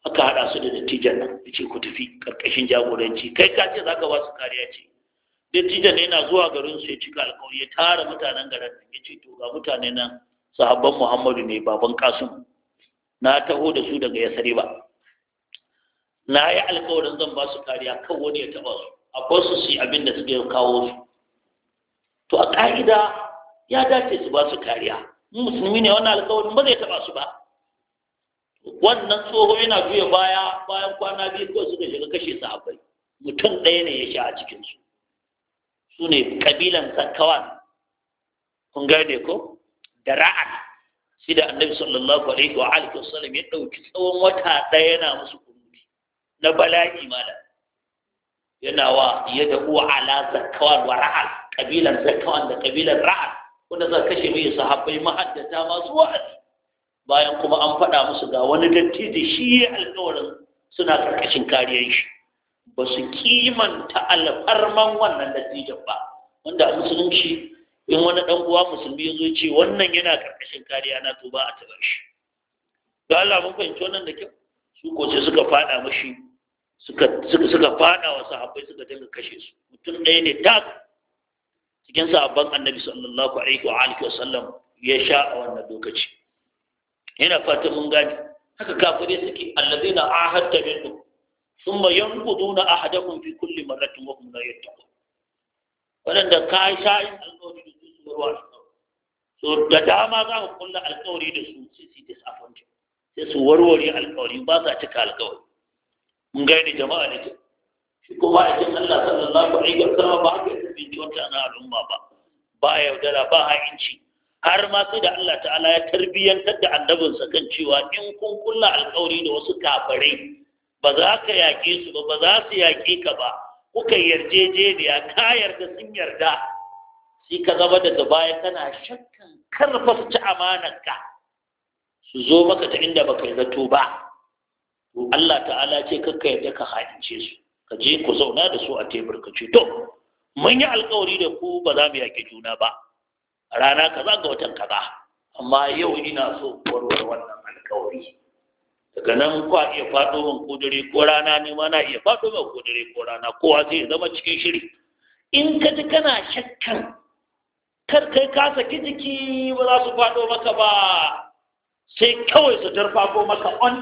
aka hada su da dattijan nan yace ku tafi karkashin jagoranci kai ka ce ka ba su kariya ce dattijan ne yana zuwa garin su ya cika alƙawari ya tara mutanen garin nan ce to ga mutane nan sahabban Muhammadu ne baban Kasim na taho da su daga Yasari ba na yi alƙawarin zan ba su kariya kan wani ya taba su a su su abin da suke kawo su to a ƙa'ida ya dace su ba su kariya musulmi ne wannan alkawarin ba zai taba su ba wannan tsoho yana juya baya bayan kwana biyu ko suka shiga kashe su a mutum ɗaya ne ya sha a cikinsu su ne kabilan zakawan kun gane ko da ra'ad shi da annabi sallallahu alaihi wa alihi wasallam ya ɗauki tsawon wata ɗaya yana musu kunuti na bala'i mala yana wa ya da uwa ala zakawan wa ra'ad kabilan zakawan da kabilan ra'ad wanda za kashe mai sahabbai mahaddata masu wa'azi bayan kuma an faɗa musu ga wani datti da shi ya alkawarin suna ƙarƙashin kariyar shi ba su kimanta alfarman wannan dattijan ba wanda a musulunci in wani ɗan uwa musulmi ya zo ce wannan yana ƙarƙashin kariya na to ba a taɓa shi ga Allah mun fahimci wannan da kyau su ko sai suka faɗa mashi suka faɗa wa sahabbai suka dinga kashe su mutum ɗaya ne tak cikin sahabban annabi sallallahu alaihi wa alihi sallam ya sha a wannan lokaci yana fata mun gani haka kafirai suke allazina ahadta minhum thumma yanquduna ahadakum fi kulli marratin wa hum la yattaqun wadanda ka sha in alƙawari da su su warwa so da dama za ku kulla alƙawari da su sai su disappointed sai su warware alƙawari ba sa cika alƙawari mun gani jama'a ne shi kuma a cikin Allah sallallahu alaihi wa sallam ba haka yake bin wata na al'umma ba ba yaudara ba ha'inci har ma sai da Allah ta'ala ya tarbiyantar da annabinsa kan cewa in kun kulla alƙawari da wasu kafirai ba za ka yaƙe su ba ba za su yaƙe ka ba kuka yarjejeniya ka yarda sun yarda sai ka zama daga baya kana shakkan karfa su ci amanarka su zo maka ta inda baka zato ba Allah ta'ala ce kakka yadda ka haɗi zauna da su a tebur ka ce to mun yi alkawari da ku ba za mu yaƙi juna ba rana kaza ga watan kaza amma yau ina so warware wannan alkawari daga nan kwa iya faɗo min ko dare ko rana ne ma na iya faɗo min ko dare ko rana kowa zai zama cikin shiri in ka ji kana shakkan kar kai ka saki jiki ba za su faɗo maka ba sai kawai su ko maka on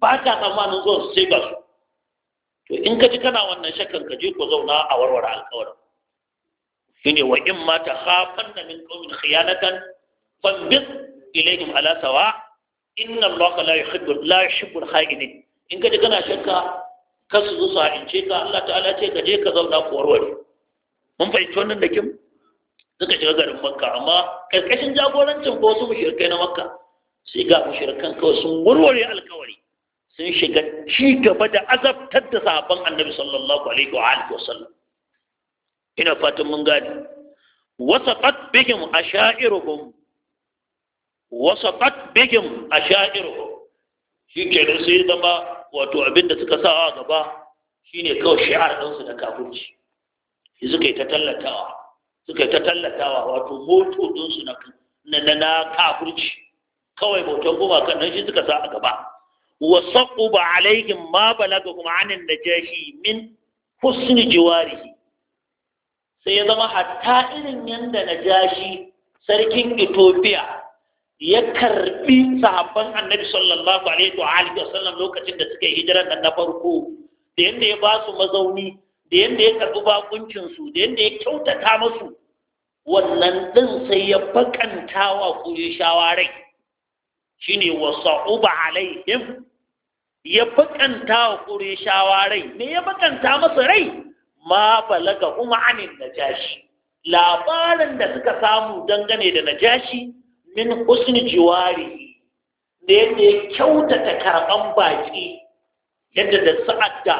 ba ka tsammanin zuwa sai ba su to in ka ji kana wannan shakkan ka je ku zauna a warware alƙawarin shine wa in ma ta khafan na min qaumin khiyanatan fanbit ilayhim ala sawa inna allaha la yuhibbu la yuhibbu al-kha'inin in ka ji kana shakka ka su zo sa'ince ka Allah ta'ala ce ka je ka zauna ku warware mun fahimci wannan da kin suka shiga garin makka amma karkashin jagorancin ko su mushrikai na makka sai ga mushrikan kawai sun warware alƙawari sun shiga ci gaba da azabtar da sahabban annabi sallallahu alaihi wa alihi wasallam ina fatan mun gani wasaqat bihim ashairuhum wasaqat bihim ashairuhum shi ke da sai zama wato abinda suka sa a gaba shine kawai shi'ar ɗansu da kafirci shi suka yi ta tallatawa suka yi ta tallatawa wato moto ɗinsu na na kafirci kawai bautan goma kan nan shi suka sa a gaba wa saquba alaihim ma balagahum anin najashi min husni jiwarihi sai ya zama hatta irin yanda najashi sarkin Ethiopia ya karbi sahabban annabi sallallahu alaihi wa alihi wasallam lokacin da suka yi na farko da yanda ya ba su mazauni da yanda ya karbi bakuncinsu, su da yanda ya kyautata masu wannan din sai ya bakanta wa kuyushawa rai shine wa sa'uba alaihim ya bakanta wa qurayshawa rai ne ya bakanta masa rai ma balaga kuma anin jashi. labarin da suka samu dangane da na jashi, min husni jiwari da yadda ya kyautata karɓan baƙi yadda da sa'ad da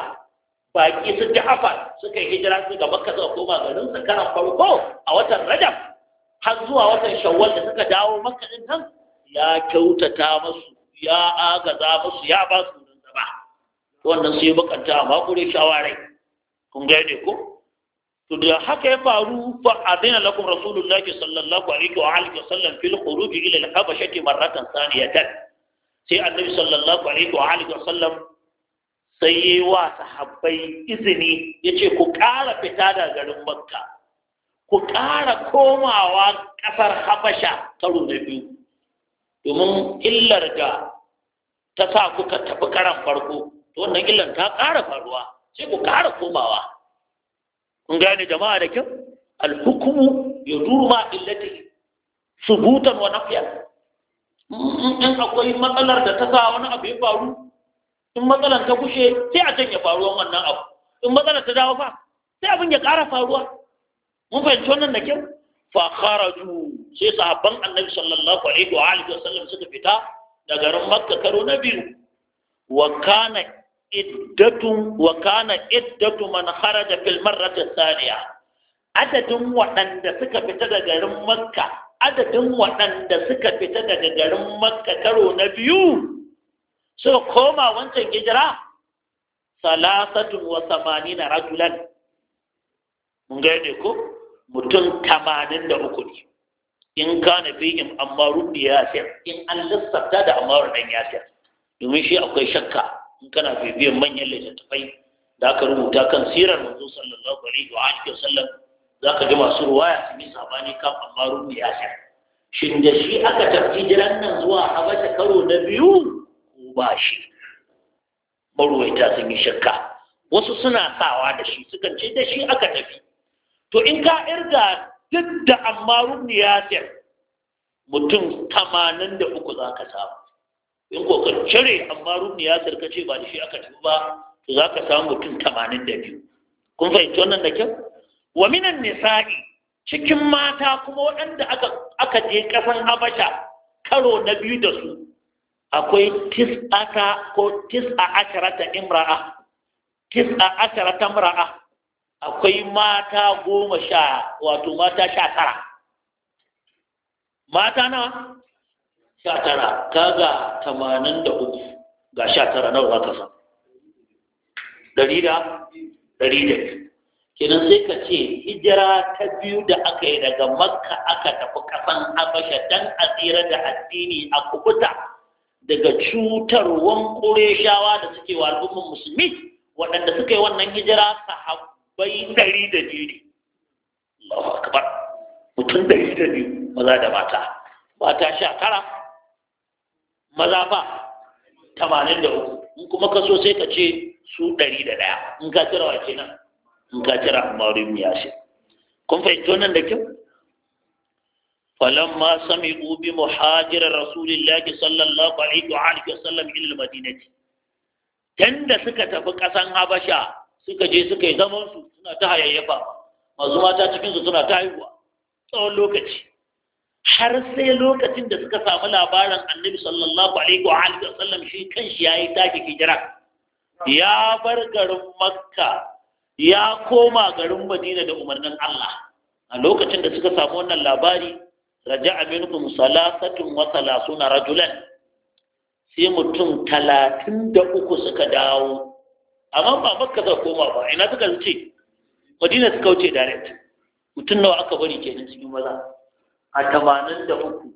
baƙi su afa suka yi hijira gaba ka suka koma garin su karan farko a watan rajab har zuwa watan shawwal da suka dawo makarin ya kyautata masu ya agaza masu ya ba su zaba wannan sai bakanta amma kure shawarai kun gane ko to da haka ya faru fa adina lakum rasulullahi sallallahu alaihi wa alihi wasallam fil khuruj ila al-habashati marratan thaniyatan sai annabi sallallahu alaihi wa alihi wasallam sai yi wa sahabbai izini yace ku ƙara fita daga garin makka ku ƙara komawa ƙasar habasha karo na biyu domin illar da ta sa kuka tafi karan farko to wannan illar ta ƙara faruwa sai ku ƙara komawa kun gane jama'a da kyau alhukumu ya durma illati subutan wa nafiya in akwai matsalar da ta sa wani abu ya faru in matsalar ta kushe sai a can ya faruwan wannan abu in matsalar ta dawo fa sai abin ya ƙara faruwa mun fahimci wannan da kyau fa kharaju sai sahabban annabi sallallahu alaihi wa alihi wasallam suka fita da garin makka karo na biyu wa kana iddatun wa kana iddatu man kharaja fil marrati thaniya adadin waɗanda suka fita da garin makka adadin waɗanda suka fita daga garin makka karo na biyu suka koma wancan hijira salasatun wa samanina rajulan mun gane ko mutum tamanin da uku ne in kana fihim ammaru da sayar in an lissafta da ammaru ya sayar domin shi akwai shakka in kana bibiyan manyan littattafai da aka rubuta kan sirar manzo sallallahu alaihi wa alihi wasallam ka ji masu ruwaya sun yi sabani kan ammaru da sayar shin da shi aka tafi jiran nan zuwa habasha karo na biyu ko ba shi maruwaita sun yi shakka wasu suna sawa da shi sukan ce da shi aka tafi to in ka irga duk da amma rubni yasir mutum tamanin da uku za ka samu in ko ka cire amma rubni yasir ka ce ba da shi aka tafi ba to za ka samu mutum tamanin da biyu kun fahimci wannan da kyau wa minan nisa'i cikin mata kuma waɗanda aka aka je ƙasan habasha karo na biyu da su akwai tis'ata ko tis'a asharata imra'a tis'a asharata imra'a akwai mata goma sha wato mata sha tara mata na sha tara kaga tamanin da uku ga sha tara nawa za sa ɗari da ɗari da kenan sai ka ce hijira ta biyu da aka yi daga makka aka tafi kasan habasha dan a tsira da addini a kubuta daga cutarwan ƙureshawa da suke wa al'ummar musulmi waɗanda suka yi wannan hijira sahabbai bai ɗari da biyu ne Allahu akbar mutum ɗari da biyu maza da mata mata sha tara maza fa tamanin da uku in kuma ka so sai ka ce su ɗari da ɗaya in ka kira wa kenan in ka cira ya shi? kun fahimci wannan da kyau فلما سمعوا بمهاجر رسول الله صلى الله عليه وآله وسلم إلى المدينة تند سكت فقسان Habasha. suka je suka yi zaman su suna ta hayayyafa masu mata cikin su suna ta haihuwa tsawon lokaci har sai lokacin da suka samu labarin annabi sallallahu alaihi wa alihi wa sallam shi kanshi yayi tashi hijira ya bar garin makka ya koma garin madina da umarnin Allah a lokacin da suka samu wannan labari raja'a minkum salasatun wa salasuna rajulan sai mutum talatin da uku suka dawo amma ba makka za koma ba ina suka wuce madina suka wuce direct mutum nawa aka bari kenan cikin maza a tamanin da uku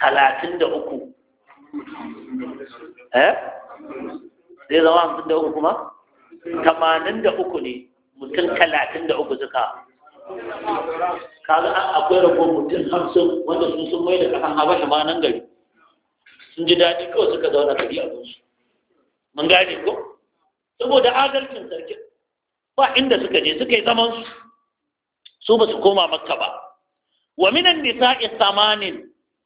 talatin da uku eh zai zama hamsin da uku kuma tamanin da uku ne mutum talatin da uku suka kaga akwai rabon mutum hamsin wanda sun sun mai da kasan habasha ma nan gari sun ji daɗi kawai suka zauna gari a gunsu mun gane ko saboda adalcin sarkin ba inda suka je suka yi zaman su ba su koma makka ba wa minan nisa'i samanin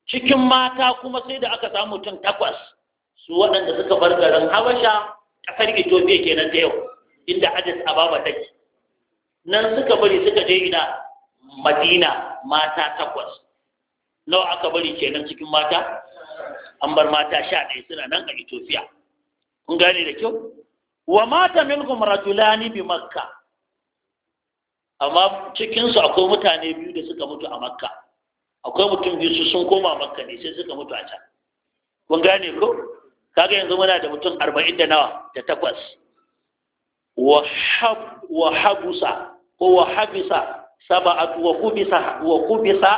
cikin mata kuma sai da aka samu mutum takwas su waɗanda suka bar garin habasha kasar ethiopia kenan ta yau inda addis ababa take nan suka bari suka je ina madina mata takwas nawa aka bari kenan cikin mata an bar mata sha ɗaya suna nan a ethiopia kun gane da kyau wa mata minhum rajulani bi makka amma cikinsu akwai mutane biyu da suka mutu a makka akwai mutum biyu sun koma makka ne sai suka mutu a can kun gane ko kaga yanzu muna da mutum arba'in da nawa da takwas wa habusa ko wa habisa saba'atu wa kubisa wa kubisa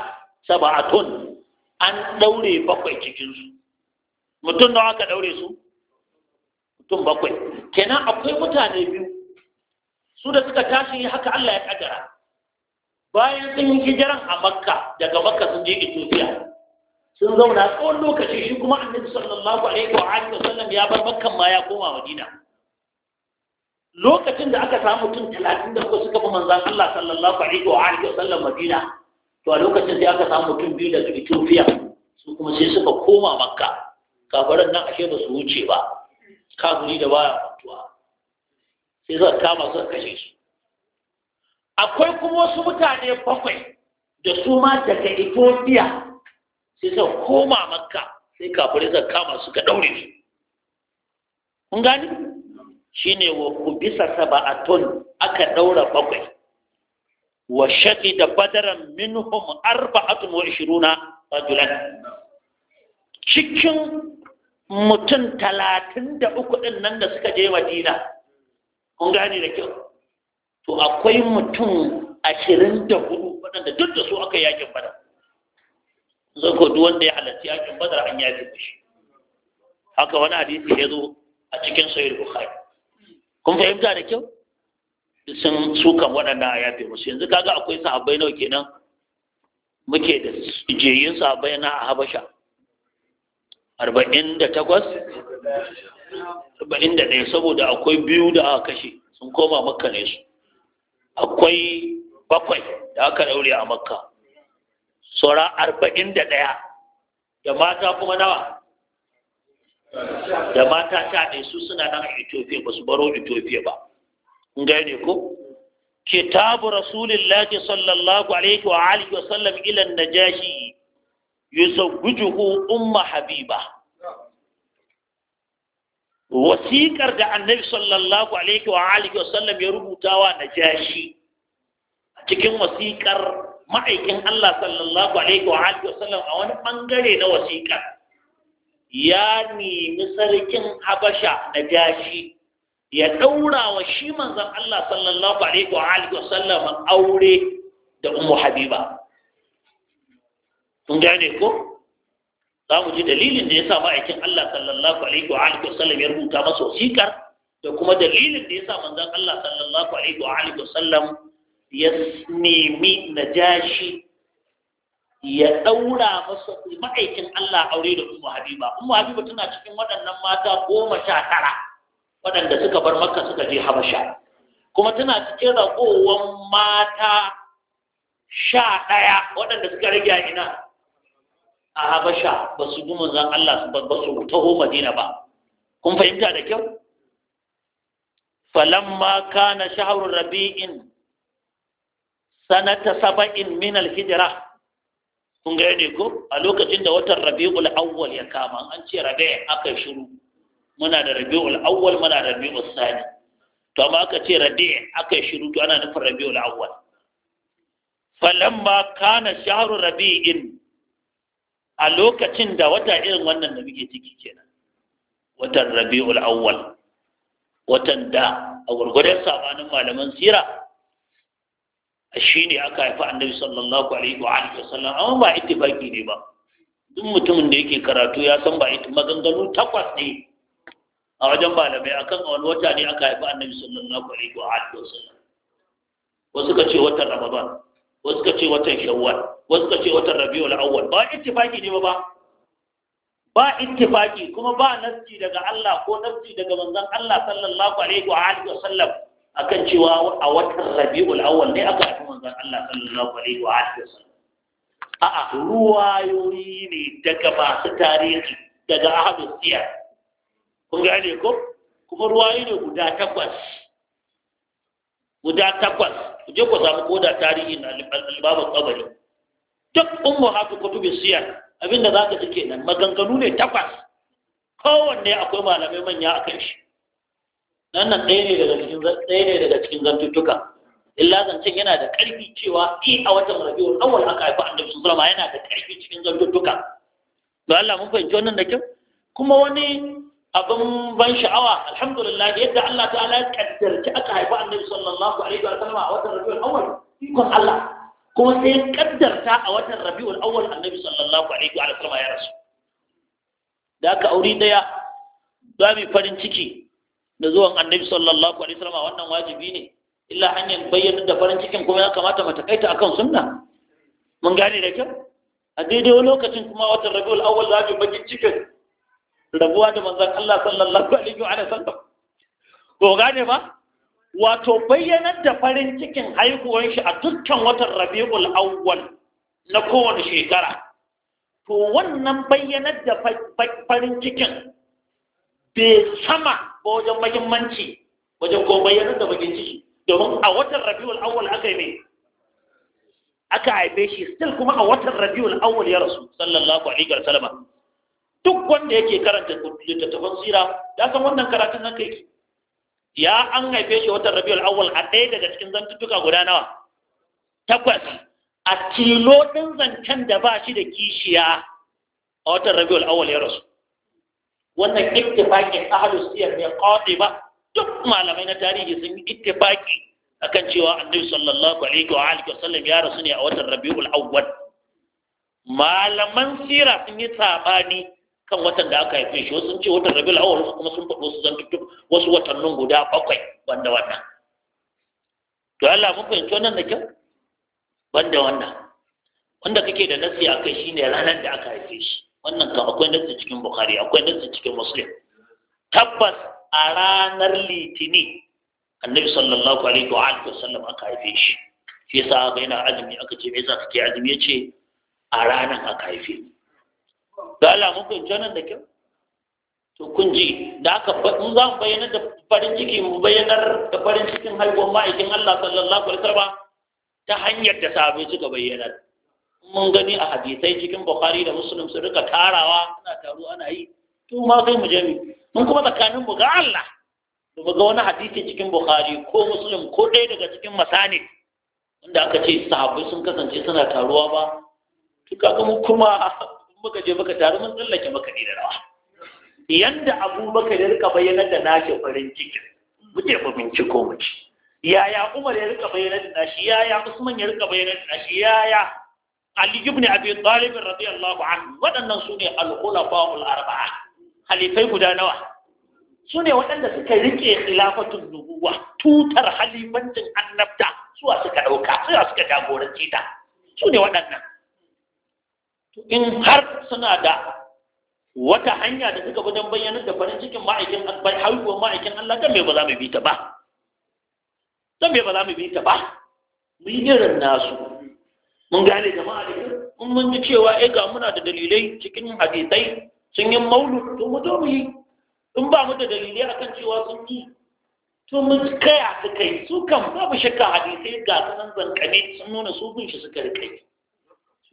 sab'atun an daure bakwai cikinsu mutum nawa ka daure su mutum bakwai kenan akwai mutane biyu su da suka tashi haka Allah ya kaddara bayan sun yi hijiran a makka daga makka sun je ethiopia sun zauna tsawon lokaci shi kuma annabi sallallahu alaihi wa alihi wasallam ya bar makka ma ya koma madina lokacin da aka samu mutum talatin da suka bi manzan Allah sallallahu alaihi wa alihi wasallam madina to a lokacin sai aka samu mutum biyu daga ethiopia su kuma sai suka koma makka kafaran nan ashe ba su wuce ba kafiri da baya mutuwa sai suka kama su kashe su. akwai kuma wasu mutane bakwai da su ma daga ethiopia sai suka koma makka sai kafirai suka kama ka daure su kun gani ne wa ku bisa ton aka daura bakwai wa shaƙi da badaran minhum arba'atun wa ishiruna rajulan cikin mutum talatin da uku ɗin nan da suka je madina kun gane da kyau to akwai mutum ashirin da hudu waɗanda duk da su aka yakin badar zan ko duk wanda ya halarci yakin badar an yafi shi? haka wani hadisi ya zo a cikin sayar bukhari kun fahimta da kyau sun sukan waɗanda a yafe musu yanzu kaga akwai sahabbai nawa kenan muke da jeyin sahabbai na a habasha arba'in da takwas arba'in da ɗaya saboda akwai biyu da aka kashe sun koma makka ne su akwai bakwai da aka ɗaure a makka saura arba'in da ɗaya da mata kuma nawa da mata ta ɗaya su suna nan a ethiopia ba su baro ethiopia ba in gane ko kitabu rasulillahi sallallahu alaihi wa alihi wa sallam ilan najashi yusawwijuhu umma habiba wasiƙar da annabi sallallahu alaihi wa alihi wasallam ya rubuta wa najashi a cikin wasiƙar ma'aikin Allah sallallahu alaihi wa alihi wasallam a wani bangare na wasiƙar ya nemi sarkin Habasha najashi ya daura wa shi manzon Allah sallallahu alaihi wa alihi wasallam aure da Ummu Habiba kun gane ko za mu ji dalilin da ya sa ma'aikin Allah sallallahu alaihi wa alihi wasallam ya rubuta masa wasiƙar da kuma dalilin da ya sa manzon Allah sallallahu alaihi wa alihi wasallam ya nemi najashi ya ɗaura masa ma'aikin Allah aure da Ummu Habiba Ummu Habiba tana cikin waɗannan mata goma sha tara waɗanda suka bar Makka suka je Habasha kuma tana cikin ragowar mata sha ɗaya waɗanda suka rage a ina a habasha ba su bi manzon Allah ba su taho madina ba kun fahimta da kyau falamma kana shahrur rabi'in sanata saba'in min al kun ga ne ko a lokacin da watan rabi'ul awwal ya kama an ce rabi' aka shiru muna da rabi'ul awwal muna da rabi'ul sani to amma aka ce rabi' aka shiru to ana nufin rabi'ul awwal falamma kana shahrur rabi'in a lokacin da wata irin wannan da muke ciki kenan watan rabi'ul awwal watan da a gurgurar sabanin malaman sira shine ne aka haifi annabi sallallahu alaihi wa alihi wasallam amma ba ittifaki ne ba duk mutumin da yake karatu ya san ba ita maganganu takwas ne a wajen malamai akan a wani wata ne aka haifi annabi sallallahu alaihi wa alihi wasallam wasu ka ce watan ramadan wasu ka ce watan shawwal wasu ka ce watan rabiul awwal ba ittifaki ne ba ba ittifaki kuma ba nassi daga Allah ko nassi daga manzon Allah sallallahu alaihi wa alihi wasallam akan cewa a watan rabiul awwal ne aka haifi manzon Allah sallallahu alaihi wa alihi wasallam a'a ruwayoyi ne daga masu tarihi daga ahadus siyar kun ne ko kuma ruwayoyi ne guda takwas guda takwas je ku samu koda tarihin al-Imam Tabari duk ummu hatu bi siyar abinda za ka ji kenan maganganu ne takwas kowanne akwai malamai manya a kan shi wannan ɗaya ne daga cikin ɗaya ne daga cikin zantuttuka illa zancen yana da ƙarfi cewa i a watan rabiul awwal aka haifa annabi sallallahu alaihi yana da ƙarfi cikin zantuttuka to Allah mun fahimci wannan da kyau kuma wani abin ban sha'awa alhamdulillah yadda Allah ta'ala ya kaddarci aka haifa annabi sallallahu alaihi wa sallam a watan rabiul awwal ikon Allah kuma sai ya kaddarta a watan rabi'ul awwal annabi sallallahu alaihi wa sallam ya rasu da aka auri daya za mu farin ciki da zuwan annabi sallallahu alaihi wa sallam wannan wajibi ne illa hanyar bayyana da farin cikin kuma ya kamata mu takaita akan sunna mun gane da kyau a daidai lokacin kuma watan rabi'ul awwal za mu bakin cikin rabuwa da manzon Allah sallallahu alaihi wa sallam ko gane ba wato bayyanar da farin cikin haihuwar shi a dukkan watan rabi'ul awwal na kowane shekara to wannan bayyanar da farin cikin bai sama ba wajen mahimmanci wajen ko bayyanar da bakin ciki domin a watan rabi'ul awwal aka yi ne aka haife shi still kuma a watan rabi'ul awwal ya rasu sallallahu alaihi wa duk wanda yake karanta littattafan sira ya san wannan karatun nan kai ya an haife shi watan rabiul awwal a ɗaya daga cikin zantuttuka guda nawa takwas a tilo ɗin zancen da ba shi da kishiya a watan rabiul awwal ya rasu wannan ittifaqin ahlus siyar ne qatiba duk malamai na tarihi sun yi ittifaqi akan cewa annabi sallallahu alaihi wa alihi wasallam ya rasu ne a watan rabiul awwal malaman sira sun yi sabani kan watan da aka haife shi wasu sun ce watan rabiul awwal wasu kuma sun faɗo su zantuttuk wasu watannin guda bakwai banda wannan to Allah mun fahimci wannan da kyau banda wannan wanda kake da nasi akai shine ranar da aka haife shi wannan kan akwai nasi cikin bukhari akwai nasi cikin muslim tabbas a ranar litini annabi sallallahu alaihi wa alihi wasallam aka haife shi shi yasa aka yana azumi aka ce me yasa kake azumi yace a ranar aka haife ni da Allah mun fahimci nan da kyau to kun ji da aka in za mu bayyana da farin ciki mu bayyanar da farin cikin haihuwar ma'aikin Allah sallallahu alaihi wasallam ta hanyar da sahabbai suka bayyana mun gani a hadisai cikin Bukhari da Muslim sun rika tarawa ana taro ana yi to ma sai mu je mun kuma tsakanin mu ga Allah to ga wani hadisi cikin Bukhari ko Muslim ko ɗaya daga cikin masani inda aka ce sahabbai sun kasance suna taruwa ba to kaga mu kuma muka je muka taru mun tsallake maka ni da rawa yanda abubakar ya rika bayyanar da nake farin cikin mu je mu binciko mu ci yaya umar ya rika bayyanar da nashi yaya usman ya rika bayyanar da nashi yaya ali ibn abi talib radiyallahu anhu waɗannan su ne al-khulafa'ul arba'a halifai guda nawa su ne waɗanda suka rike khilafatun nubuwa tutar halifancin annabta suwa suka ɗauka suwa suka jagoranci ta su ne waɗannan in har suna da wata hanya da suka wajen bayyanar da farin cikin ma'aikin haihuwar ma'aikin Allah kan me ba za mu bi ta ba kan me ba za mu bi ta ba mu yi irin nasu mun gane jama'a da mun mun ji cewa eh ga muna da dalilai cikin hadisai sun yi maulu to mu zo mu yi in ba mu da dalilai akan cewa sun yi to mun a su kai su kan babu shakka hadisai ga sanan zankane sun nuna su bin shi suka rikai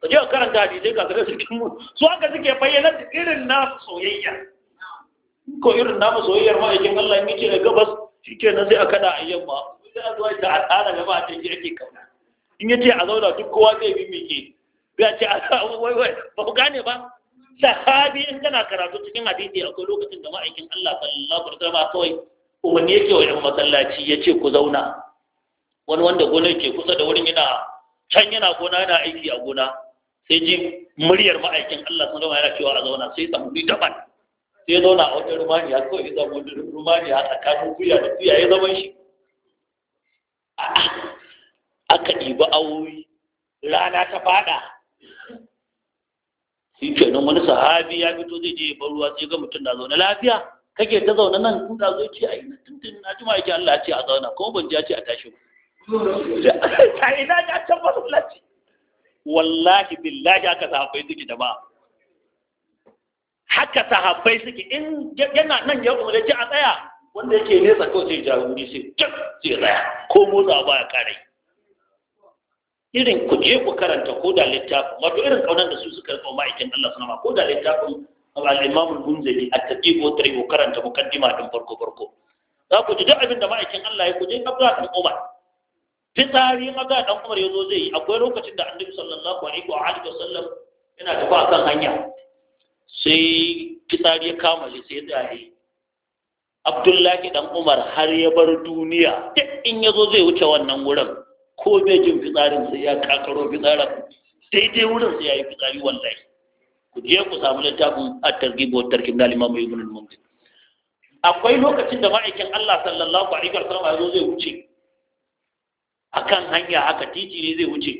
ka je ka karanta hadisai ka zira cikin mu su aka suke bayyana da irin nasu soyayya ko irin namu soyayyar ma'aikin Allah ya ce da gabas nan sai a kada a yamma sai a zuwa ta al'ada gaba a canji ake kauna in ya ce a zauna duk kowa zai bi mike ya ce a wai wai ba ku gane ba sahabi in kana karatu cikin hadisi akwai lokacin da ma'aikin Allah sallallahu alaihi wasallam kawai umarni yake wa 'yan masallaci ya ce ku zauna wani wanda gonar ke kusa da wurin yana can yana gona yana aiki a gona sai ji muryar ma'aikin Allah sun zama yana cewa a zauna sai samu ni daban sai zauna a wajen rumaniya ko ya zama wajen rumaniya a tsakanin kuya da kuya ya zama shi aka ɗiba awoyi rana ta fada shi nan wani sahabi ya fito zai je ya bar ruwa sai ga mutum na zaune lafiya kake ta zaune nan tun da zo ce ai tuntun na ji ma'aikin Allah ce a zauna kuma ban ji ya ce a tashi ba ta ina ya tabbatar lafiya. wallahi billahi aka sahabbai suke ba. haka sahabbai suke in yana nan ya umarci a tsaya wanda yake nesa kawai sai jarumi sai cik sai tsaya ko motsa ba ya kare irin ku je ku karanta ko da littafin wato irin kaunar da su suka rika ma'aikin Allah sunama ko da littafin al-Imam al-Munzali at tare, wa karanta mukaddima din farko farko za ku ji duk abin da ma'aikin Allah ya ku je Abdullah bin koma. fitsari maza dan umar ya zo zai yi akwai lokacin da annabi sallallahu alaihi wa alihi wa sallam yana tafi a kan hanya sai fitsari ya kama shi sai ya yi abdullahi dan umar har ya bar duniya duk in ya zo zai wuce wannan wurin ko bai jin fitsarin sai ya kakaro fitsarin daidai wurin sai ya yi fitsari wallahi ku je ku samu littafin at-targhib wa tarkib da Imam Ibn al-Munzir akwai lokacin da ma'aikin Allah sallallahu alaihi wa sallam ya zo zai wuce akan hanya haka titi ne zai wuce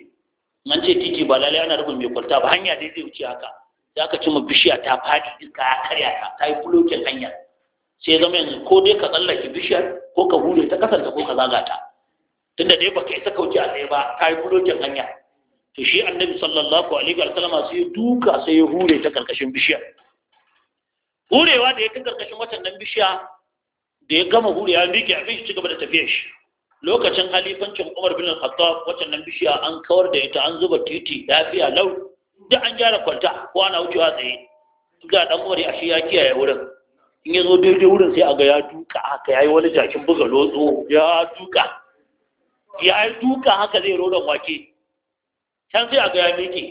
an ce titi ba lalai ana rubin mai kwalta ba hanya dai zai wuce haka za ka cimma bishiya ta faɗi iska ya karya ta ta yi bulokin hanya sai zama yanzu ko dai ka tsallake bishiyar ko ka hure ta ta ko ka zaga ta tunda dai baka isa kauce a tsaye ba ta yi bulokin hanya to shi annabi sallallahu alaihi wa sallama sai ya duka sai ya hure ta karkashin bishiyar hurewa da ya ta karkashin watan nan bishiya da ya gama hurewa miƙe a bishiya, shi ci gaba da tafiyar shi lokacin halifancin umar bin al-khattab nan bishiya an kawar da ita an zuba titi lafiya lau da an gyara kwalta ko ana wucewa tsaye ga dan umar shi ya kiyaye wurin in ya zo daidai wurin sai a ga ya duka haka yi wani jakin buga lotso ya duka ya yi duka haka zai roron wake can sai a ga ya miƙe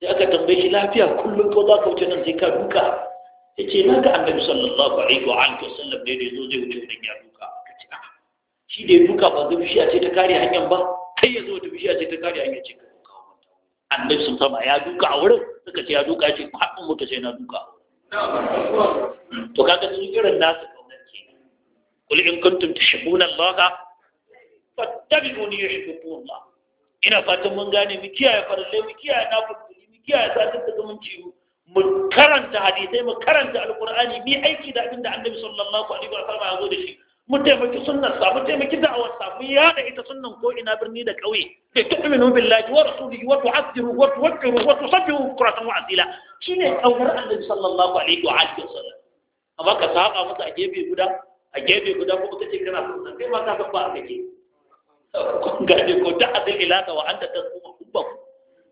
sai aka tambaye shi lafiya kullum ko za ka wuce nan sai ka duka ya ce na ga annabi sallallahu alaihi wa alihi wasallam ne da ya zo zai wuce wurin ya duka shi da ya duka ba zai bishiya ce ta kare hanyar ba kai ya zo da bishiya ce ta kare hanyar ce ka annabi sun sama ya duka a wurin suka ce ya duka ce kwaɗin mota sai na duka to kaga sun irin nasu kaunar ke kul in kuntum tuhibbuna allaha fattabi'uni yuhibbukum ina fatan mun gane mu kiyaye farallai mu kiyaye nafurkuli mu kiyaye sakin da ciwo, mu karanta hadisai mu karanta alqur'ani mu aiki da abin da annabi sallallahu alaihi wa sallam ya zo da shi mu taimaki sunnarsa mu taimaki da'awarsa mu yada ita sunnan ko ina birni da ƙauye da tu'minu billahi wa rasulihi wa tu'azziru wa tuwaqqiru wa tusabbihu bukratan wa asila shine kaunar annabi sallallahu alaihi wa alihi wasallam amma ka saba musu a gefe guda a gefe guda ko kace kana sunna kai ma ka san ba kake ga ne ko ta azil ilaka wa anta tasuma hubbak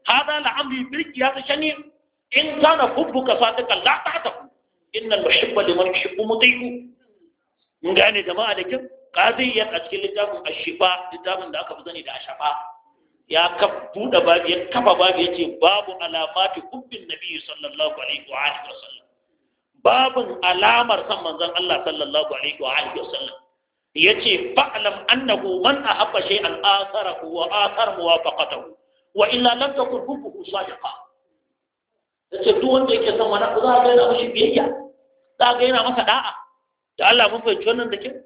hada la'amri birki ya shani in kana hubbuka sadaka la ta'taku innal muhibba liman yuhibbu muti'u mun gane jama'a da kin qadiyyat a cikin littafin ashifa littafin da aka fi sani da ashafa ya kaf buɗe babu ya kafa babu ce babu alamati hubbin nabi sallallahu alaihi wa alihi wasallam babun alamar san manzon Allah sallallahu alaihi wa alihi wasallam yace fa'lam annahu man ahabba shay'an atharahu wa athar muwafaqatahu wa illa lam takun hubbuhu sadiqa yace duk wanda yake son wani abu za ga yana mishi biyayya za ga yana masa da'a da Allah mun fahimci wannan da kyau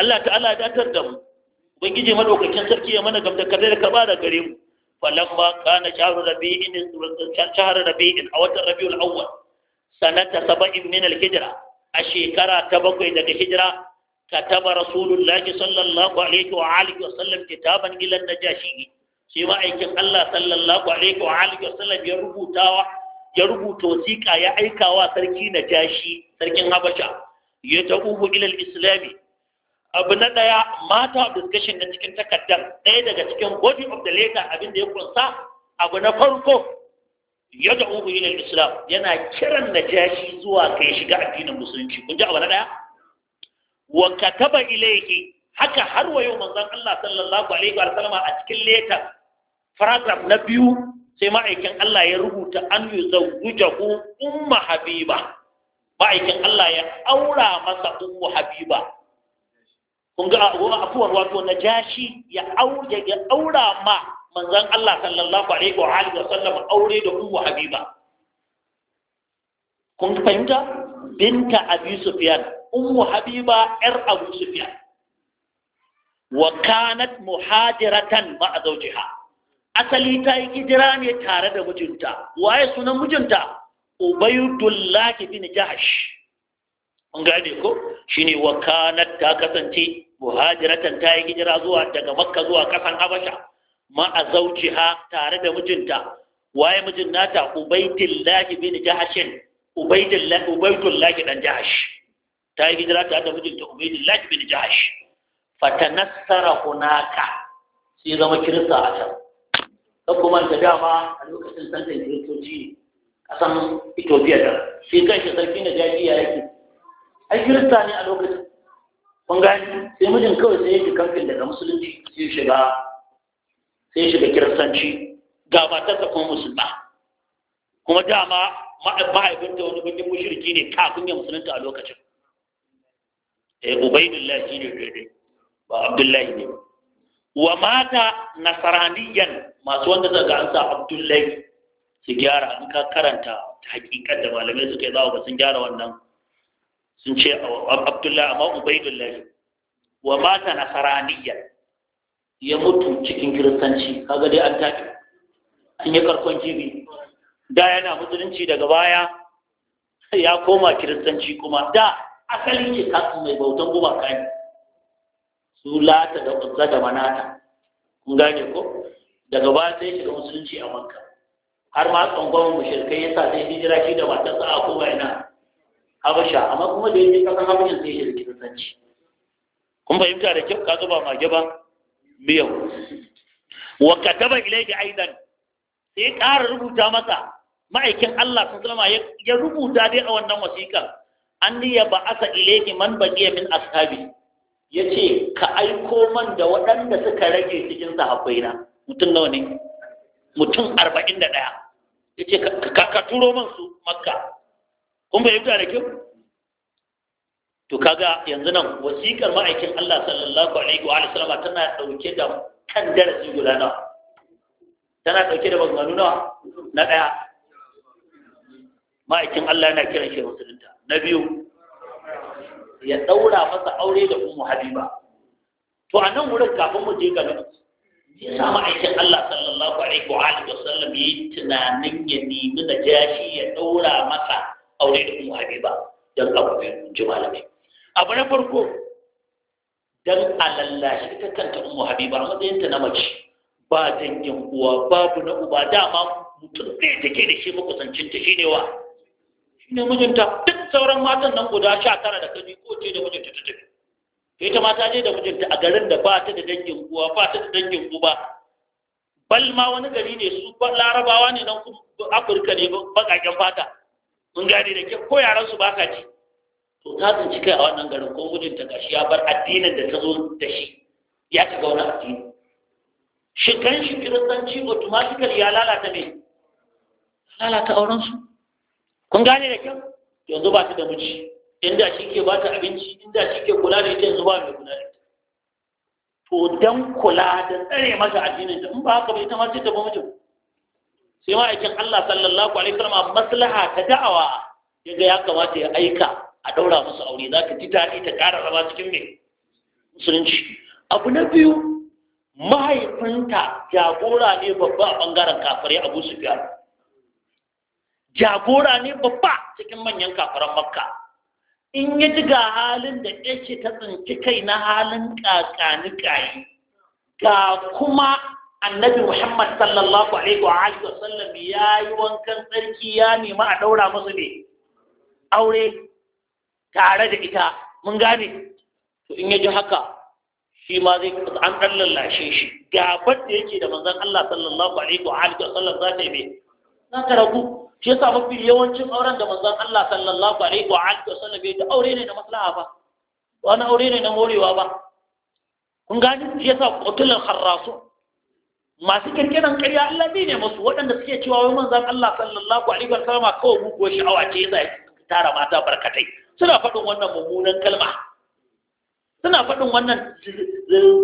Allah ta'ala ya datar da mu ubangiji madaukakin sarki ya mana gamta kare da kaba da gare mu falamma kana shahru rabi'in shahru rabi'in a watan rabiul awwal sanata saba'in min al-hijra a shekara ta bakwai daga hijira كتب رسول الله صلى الله عليه وآله وسلم كتابا إلى النجاشي سوى أيكم الله صلى الله عليه وآله وسلم يربو تاوى يربو توسيكا يا أيكا وسركي نجاشي Sarkin Habasha. ya da'uhu ilal islami abu na ɗaya mata discussion na cikin takardar ɗaya daga cikin body of the letter abin da ya kunsa abu na farko ya da'uhu ilal islam yana kiran najashi zuwa kai shiga addinin musulunci kun ji abu na ɗaya wa kataba ilayhi haka har wa yau manzon Allah sallallahu alaihi wa sallama a cikin letter paragraph na biyu sai ma'aikin Allah ya rubuta an yuzawwijahu umma habiba ma'aikin Allah ya aura masa ummu habiba kun ga afuwar wato na jashi ya aure aura ma Manzan Allah sallallahu alaihi wa alihi wa aure da ummu habiba kun fahimta binta abi sufyan ummu habiba yar abu sufyan wa kanat muhajiratan ma'a zawjiha asali ta yi hijira ne tare da mijinta waye sunan mijinta ubaydullah bin jahash an gane ko shine wa kanat ta kasance muhajiratan ta yi hijira zuwa daga makka zuwa kasan habasha ma a zaujiha tare da mijinta waye mijin nata ubaydullah bin jahshin ubaydullah ubaydullah dan jahash. ta yi hijira tare da mijinta ubaydullah bin Fata fatanassara hunaka sai zama kirista a can kuma ta dama a lokacin santan kiristoci ne kasan Ethiopia da shi kai shi sarki na jaji ya yake ai kirista ne a lokacin kun gani sai mijin kawai sai yake kamfin daga musulunci sai shiga sai shiga kiristanci ga ta kuma musulma kuma dama ma'aikinta wani bakin mushirki ne kafin ya musulunta a lokacin eh ubaidullah shi ne daidai ba abdullahi ne wa mata nasaraniyan masu wanda daga an sa abdullahi su gyara in ka karanta hakikar da malamai suka yi za ga sun gyara wannan sun ce abdullahi amma ubaidullahi wa mata nasaraniya ya mutu cikin kiristanci kaga dai an taƙi an yi karkon jibi da yana musulunci daga baya ya koma kiristanci kuma da asalin shi kasu mai bautan gumaka ne su lata da kusa da manata kun gane ko daga baya sai shiga musulunci a makka har ma tsangwamin mushirkai ya sa sai hijira shi da matarsa a kuma ina habasha amma kuma da yake kasan habashin sai ya rikita sanci kun fahimta da kyau ka zuba mage ba miyau wa kataba ilayhi aidan sai ƙara rubuta masa ma'aikin Allah sun zama ya rubuta dai a wannan wasiƙa an ya ba asa ilayhi man baqiya min ashabi yace ka aiko man da waɗanda suka rage cikin na mutum nawa ne mutum arba'in da ɗaya Yake kaka ka turo man su makka kun bai fahimta da kyau to kaga yanzu nan wasikar ma'aikin Allah sallallahu alaihi wa sallam tana dauke da kan darasi guda nawa tana dauke da maganganu nawa na daya ma'aikin Allah yana kiran shi musulunta na biyu ya daura masa aure da ummu habiba to a nan wurin kafin mu je ga nan shi samu aikin Allah sallallahu alaihi wa alihi wa sallam yi tunanin ya nemi da jashi ya daura masa aure da Ummu Habiba dan abu biyu ji ne abu na farko dan alallashi ita kanta Ummu Habiba a matsayin ta na mace ba dangin uwa babu na uba dama mutum ɗaya take da shi shi shine wa shine mijinta duk sauran matan nan guda sha tara da kaji ko ce da mijinta ta tafi ita ma ta je da mijinta a garin da ba ta da dangin uwa ba ta da dangin uba bal ma wani gari ne su larabawa ne nan afirka ne bakaken fata mun gane da ke ko yaran su baka ci to ta tsinci kai a wannan garin ko mijinta gashi ya bar addinin da ta zo da shi ya shiga wani addini shi kan shi kiristanci automatical ya lalata me lalata auren su kun gane da kyau yanzu ba ta da miji inda shi ke bata abinci inda shi ke kula da ita yanzu ba mai kula da ita to dan kula da tsare mata addinin ta in ba haka ba ita ma sai ta bamu sai ma aikin Allah sallallahu alaihi wasallam maslaha ta da'awa yaga ya kamata ya aika a daura musu aure zaka ta ji daɗi ta ƙara raba cikin me musulunci abu na biyu mahaifinta jagora ne babba a bangaren kafirai abu sufiyar jagora ne babba cikin manyan kafiran makka in ya ji ga halin da yake ta tsinci kai na halin kakani kayi ga kuma annabi Muhammad sallallahu alaihi wa alihi wasallam ya yi wankan tsarki ya nemi a daura musu ne aure tare da ita mun gane to in ya ji haka shi ma zai an ɗan lallashe shi gabar da yake da manzon Allah sallallahu alaihi wa alihi wasallam za ta yi mai, za ta ragu shi yasa mafi yawancin auren da manzon Allah sallallahu alaihi wa alihi wasallam bai da aure ne na maslaha ba wani aure ne na morewa ba kun gani shi yasa qutulul kharrasu masu kirkiran ƙarya Allah bai ne musu waɗanda suke cewa wai manzon Allah sallallahu alaihi wa sallama kawai muguwar sha'awa ce yasa tara mata barkatai suna faɗin wannan mummunan kalma suna faɗin wannan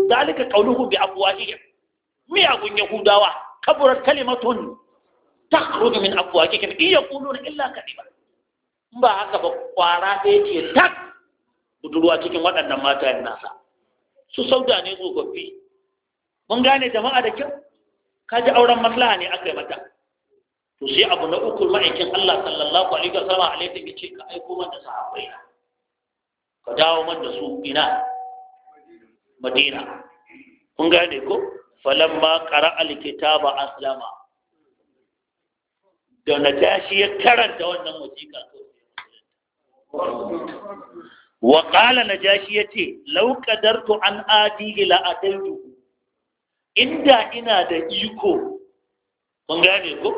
zalika qauluhu bi afwahihim abun yahudawa kaburat kalimatun takhruju min afwahihim in yaquluna illa kadiba. ba haka ba kwara ɗaya yake tak budurwa cikin waɗannan matayen nasa su sauda ne tsofaffi mun gane jama'a da kyau kaji auren maslaha ne aka yi mata to sai abu na uku ma'aikin Allah sallallahu alaihi wa sallam alaihi ta ce ka aiko man da sahabbai ka dawo man da su ina Madina kun gane ko falamma qara'a alkitaba aslama ta shi ya karanta wannan wasiƙa wa najashi yace law qadartu an adi ila ataitu inda ina da iko Mun gane ko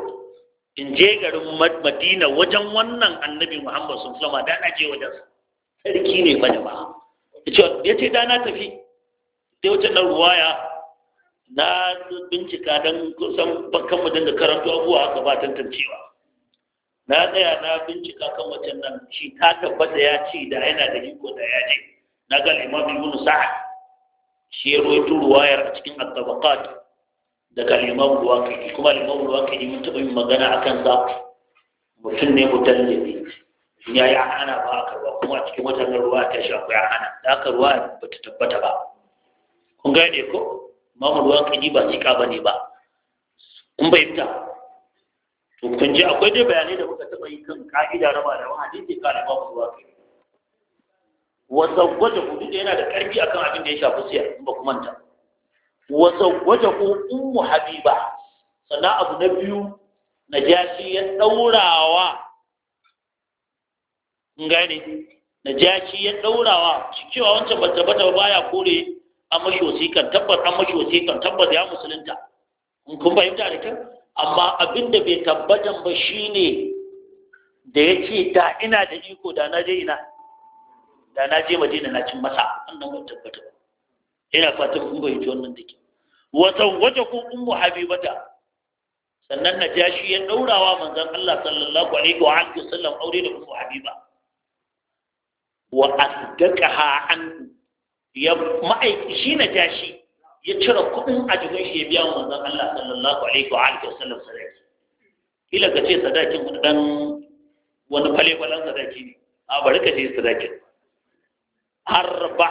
in je garin Madina wajen wannan annabi Muhammad sun alaihi da na je wajen sarki ne fa da ba yace da na tafi sai wata ruwaya na bincika don kusan bakan mu dinga karanto abubuwa haka ba tantancewa na tsaya na bincika kan wajen nan shi ta tabbata ya ci da yana da iko da ya je na ga imam ibnu sa'd shi ya rawaito ruwayar a cikin at-tabaqat daga imam ruwaki kuma imam ruwaki mun taɓa yin magana akan sa mutum ne mutallabi ya yi ana ba a karba kuma a cikin watan ruwa ta shafi ya hana da aka ruwa ba ta tabbata ba kun gane ko ruwan waqidi ba sika bane ba in bai fita to kun ji akwai dai bayanai da muka taba yi kan ka'ida na malaman hadisi kan mamul waqidi wasa gwaje ku duk yana da karfi akan abin da ya shafi siya in ba ku manta wasa gwaje ku ummu habiba sannan abu na biyu najashi ya daurawa Na najashi ya daurawa Cikin cewa wancan bata bata baya kore an mashi wasikan tabbas an mashi wasikan tabbas ya musulunta in kun fahimta da kyau amma abin da bai tabbatan ba shine da ya ce da ina da iko da na je ina da na je madina na cin masa wannan ban tabbata ina fatan kun fahimci wannan dake ke wata waje ko ummu habibata sannan na ja shi ya daurawa manzon Allah sallallahu alaihi wa alihi wasallam aure da ummu habiba wa asdaqaha an ya ma'aikaci shi na tashi ya cire kuɗin jikin shi ya biya wa manzon Allah sallallahu alaihi wa alihi wasallam sadaki kila ka ce sadakin wani dan wani fale-falen sadaki ne a bari ka ce sadakin arba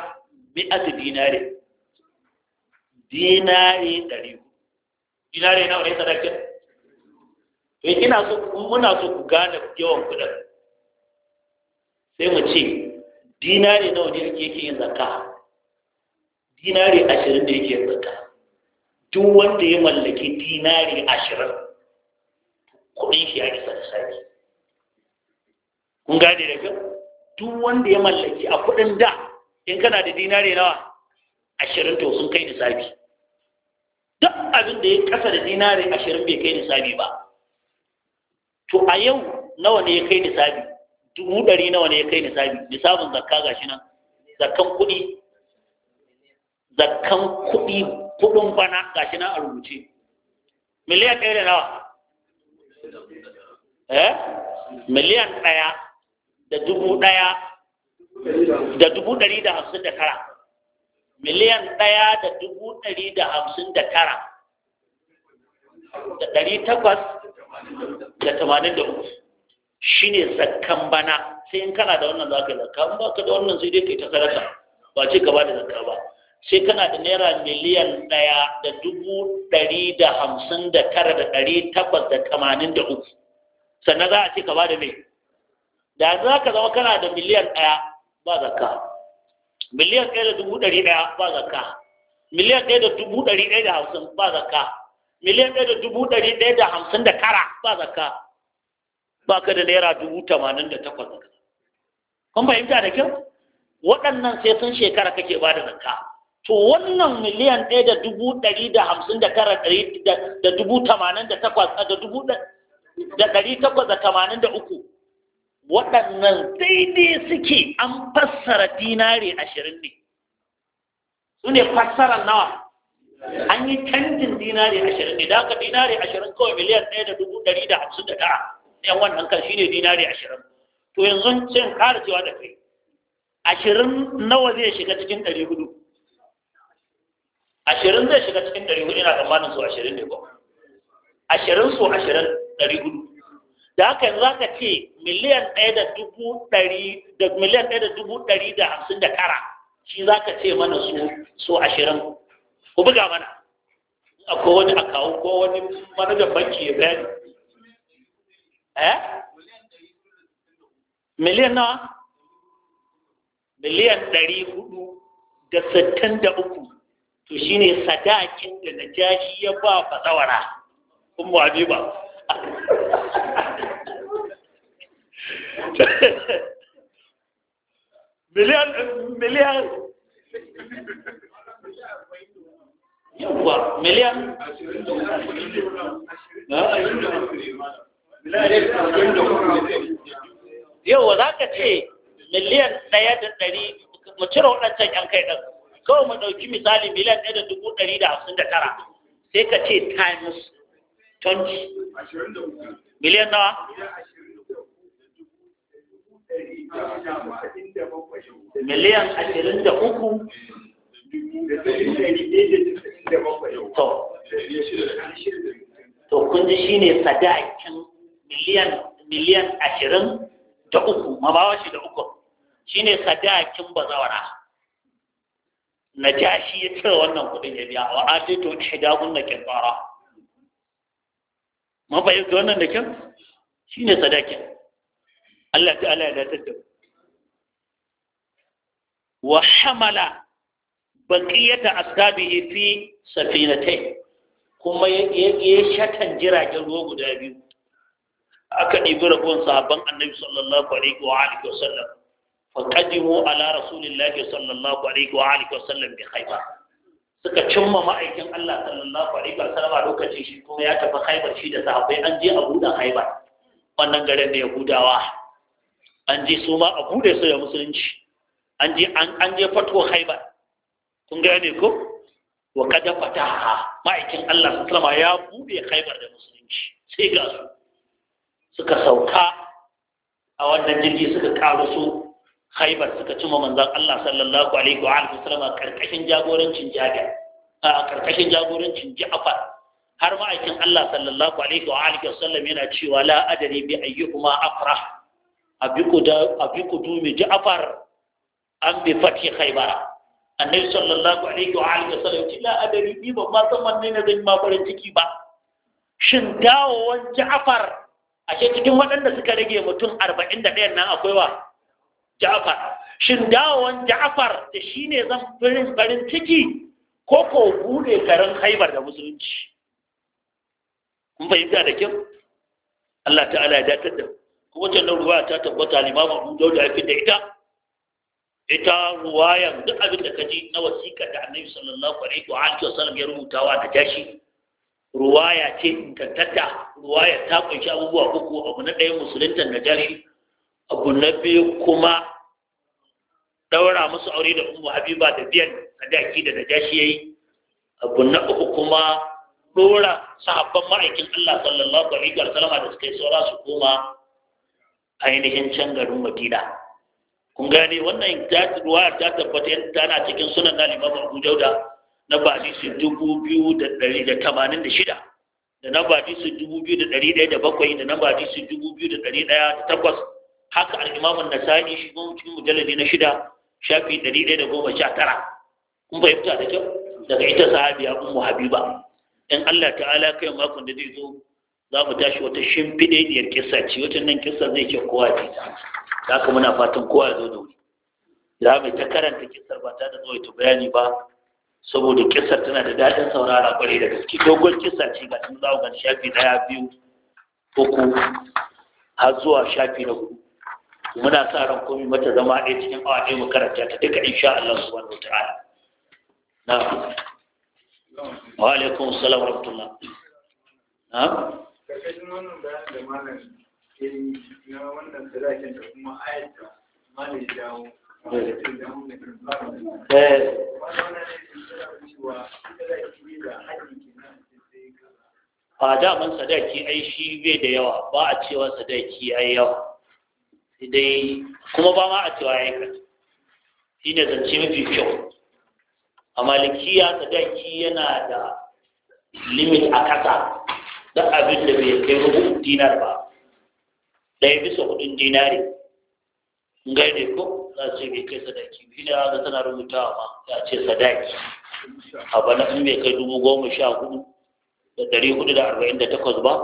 mi'at dinare dinare ɗari dinare nawa ne sadakin to ina so muna so ku gane yawan kuɗin sai mu ce dinare nawa ne yake yin zakka dinari ashirin da yake zaka duk wanda ya mallaki dinari ashirin kuɗin shi ya isa da sani kun gane da kyau duk wanda ya mallaki a kuɗin da in kana da dinari nawa ashirin to sun kai da nisabi duk abin da ya kasa da dinari ashirin bai kai da nisabi ba to a yau nawa ne ya kai da nisabi dubu ɗari nawa ne ya kai da nisabi sabon zakka gashi nan zakkan kuɗi zakkan kuɗi kuɗin bana ga shi na a rubuce miliyan ɗaya da nawa eh miliyan ɗaya da dubu ɗaya da dubu ɗari da hamsin da tara miliyan ɗaya da dubu ɗari da hamsin da tara da ɗari takwas da tamanin da uku shi ne zakkan bana sai in kana da wannan za ka yi zakka in ba ka da wannan sai dai ka yi ta sarata ba ce gaba da zakka ba sai kana da naira miliyan ɗaya da dubu ɗari da hamsin da tara da ɗari takwas da tamanin da uku sannan za a ce ka ba da mai da za ka zama kana da miliyan ɗaya ba zakka miliyan ɗaya da dubu ɗari ɗaya ba zakka miliyan ɗaya da dubu ɗari ɗaya da hamsin ba zakka miliyan ɗaya da dubu ɗari ɗaya da hamsin da tara ba zakka ba ka da naira dubu tamanin da takwas kun fahimta da kyau waɗannan sai sun shekara kake ba da zakka to wannan miliyan ɗaya da dubu ɗari da hamsin da tara ɗari da dubu tamanin da takwas da dubu da ɗari takwas da tamanin da uku waɗannan sai dai suke an fassara dinare ashirin ne su ne fassarar nawa an yi canjin dinare ashirin ne da haka dinare ashirin kawai miliyan ɗaya da dubu ɗari da hamsin da tara ɗayan wannan kan shi ne dinare ashirin to yanzu cin ƙara cewa da kai ashirin nawa zai shiga cikin ɗari hudu ashirin zai shiga cikin ɗari hudu ina tsammanin su ashirin ne ba ashirin su ashirin ɗari hudu da haka yanzu aka ce miliyan ɗaya da dubu ɗari da miliyan ɗaya da dubu ɗari da hamsin da tara shi za ka ce mana su su ashirin ku buga mana akwai wani kawo ko wani manajan banki ya bayani eh miliyan nawa miliyan ɗari hudu da sittin da uku to shi ne sadakin da na najashi ya ba bazawara ummu habiba miliyan miliyan yawwa miliyan yawwa za ka ce miliyan ɗaya da ɗari mu cire waɗancan ‘yan kai ɗin kawai mu ɗauki misali miliyan ɗaya da dubu ɗari da hamsin da tara sai ka ce times 20 miliyan nawa miliyan ashirin da uku to kun ji shine sadakin miliyan miliyan ashirin da uku ma bawa shi da uku shine sadakin bazawara shi ya cire wannan kuɗin ya biya wa atito ihdagun na ma ba fahimta wannan da kyan shine sadakin Allah ta Allah ya datar da wa hamala baqiyata ashabihi fi safinatai kuma ya shatan jiragen ruwa guda biyu aka ɗibi rabon sahabban annabi sallallahu alaihi wa alihi wa sallam faqadimu ala rasulillahi sallallahu alaihi wa alihi wasallam bi haifar. suka cimma ma'aikin Allah sallallahu alaihi wa sallam lokacin shi kuma ya tafi haifar shi da sahabbai an je a buɗe haifar. wannan garin da yahudawa an je su ma a buɗe su da musulunci an je an je fatwa haifar. kun gane ko wa kada fataha ma'aikin Allah sallallahu alaihi wa sallam ya buɗe khaybar da musulunci sai ga su suka sauka a wannan jirgi suka karu su khaibar suka cimma manzan Allah sallallahu alaihi wa alihi wasallama karkashin jagorancin Jabir a karkashin jagorancin Ja'far har ma'aikin Allah sallallahu alaihi wa alihi wasallam yana cewa la adari bi ayyuhuma afrah abiku da abiku dumi Ja'far an bi fathi khaibar annabi sallallahu alaihi wa alihi wasallam ce la adari bi ba ma san wanne ne zan ma farin ciki ba shin dawowan Ja'far ashe cikin waɗanda suka rage mutum arba'in da ɗayan nan akwai wa Ja'far shin dawowan Ja'far da shine zan farin farin ciki ko ko bude garin Khaibar da musulunci kun fahimta da kyau Allah ta'ala ya datar da kuma wannan ruwaya ta tabbata Imam Abu Dawud ya da ita ita ruwayan duk abin da kaji na wasiƙa da Annabi sallallahu alaihi wa alihi wasallam ya rubutawa da tashi ruwaya ce ingantatta ruwaya ta kunshi abubuwa uku abu na ɗaya musulunta na jari abu na biyu kuma daura musu aure da ummu habiba da biyan sadaki da najashi yayi abu na uku kuma dora sahabban ma'aikin Allah sallallahu alaihi wa sallama da suka yi saura su koma ainihin can garin Madina kun gane wannan ruwa ta tabbata tana cikin sunan na limamu Abu Dauda na badisi dubu biyu da ɗari da tamanin da shida da na badisi dubu biyu da ɗari ɗaya da bakwai da na badisi dubu biyu da ɗari ɗaya da takwas haka al-imam an-nasa'i shi gon cikin mujalladi na shida shafi 119 kun fahimta da kyau daga ita sahabi sahabiya ummu habiba in Allah ta'ala kai makon da zai zo za mu tashi wata shimfiɗe diyar kissa ci wata nan kissa zai ke kowa ce ta haka muna fatan kowa ya zo da wuri za mu ta karanta kisar ba ta da zuwa ta bayani ba saboda kissar tana da daɗin saurara kwarai da gaske dogon kissa ce ga tun zawo shafi ɗaya biyu uku har zuwa shafi na hudu muna sa ran komai mata zama ɗaya cikin awa ɗaya mu karanta ta duka insha Allah subhanahu wataala na wa alaikum assalam wa rahmatullah na karkashin wannan bayanin da malam ke yi na wannan sadakin da kuma ayata eh. a sadaki ai shi bai da yawa ba a cewa sadaki ai yawa dai kuma ba ma a cewa ya yi shi ne zance mafi kyau a malikiya sadaki yana da limit a kasa da abin da bai kai rubutun dinar ba ɗaya bisa hudun dinari ne ko za su bai kai sadaki biyu ne za tana rubutawa ma ya ce sadaki a bana in bai kai dubu goma sha hudu da ɗari hudu da arba'in da takwas ba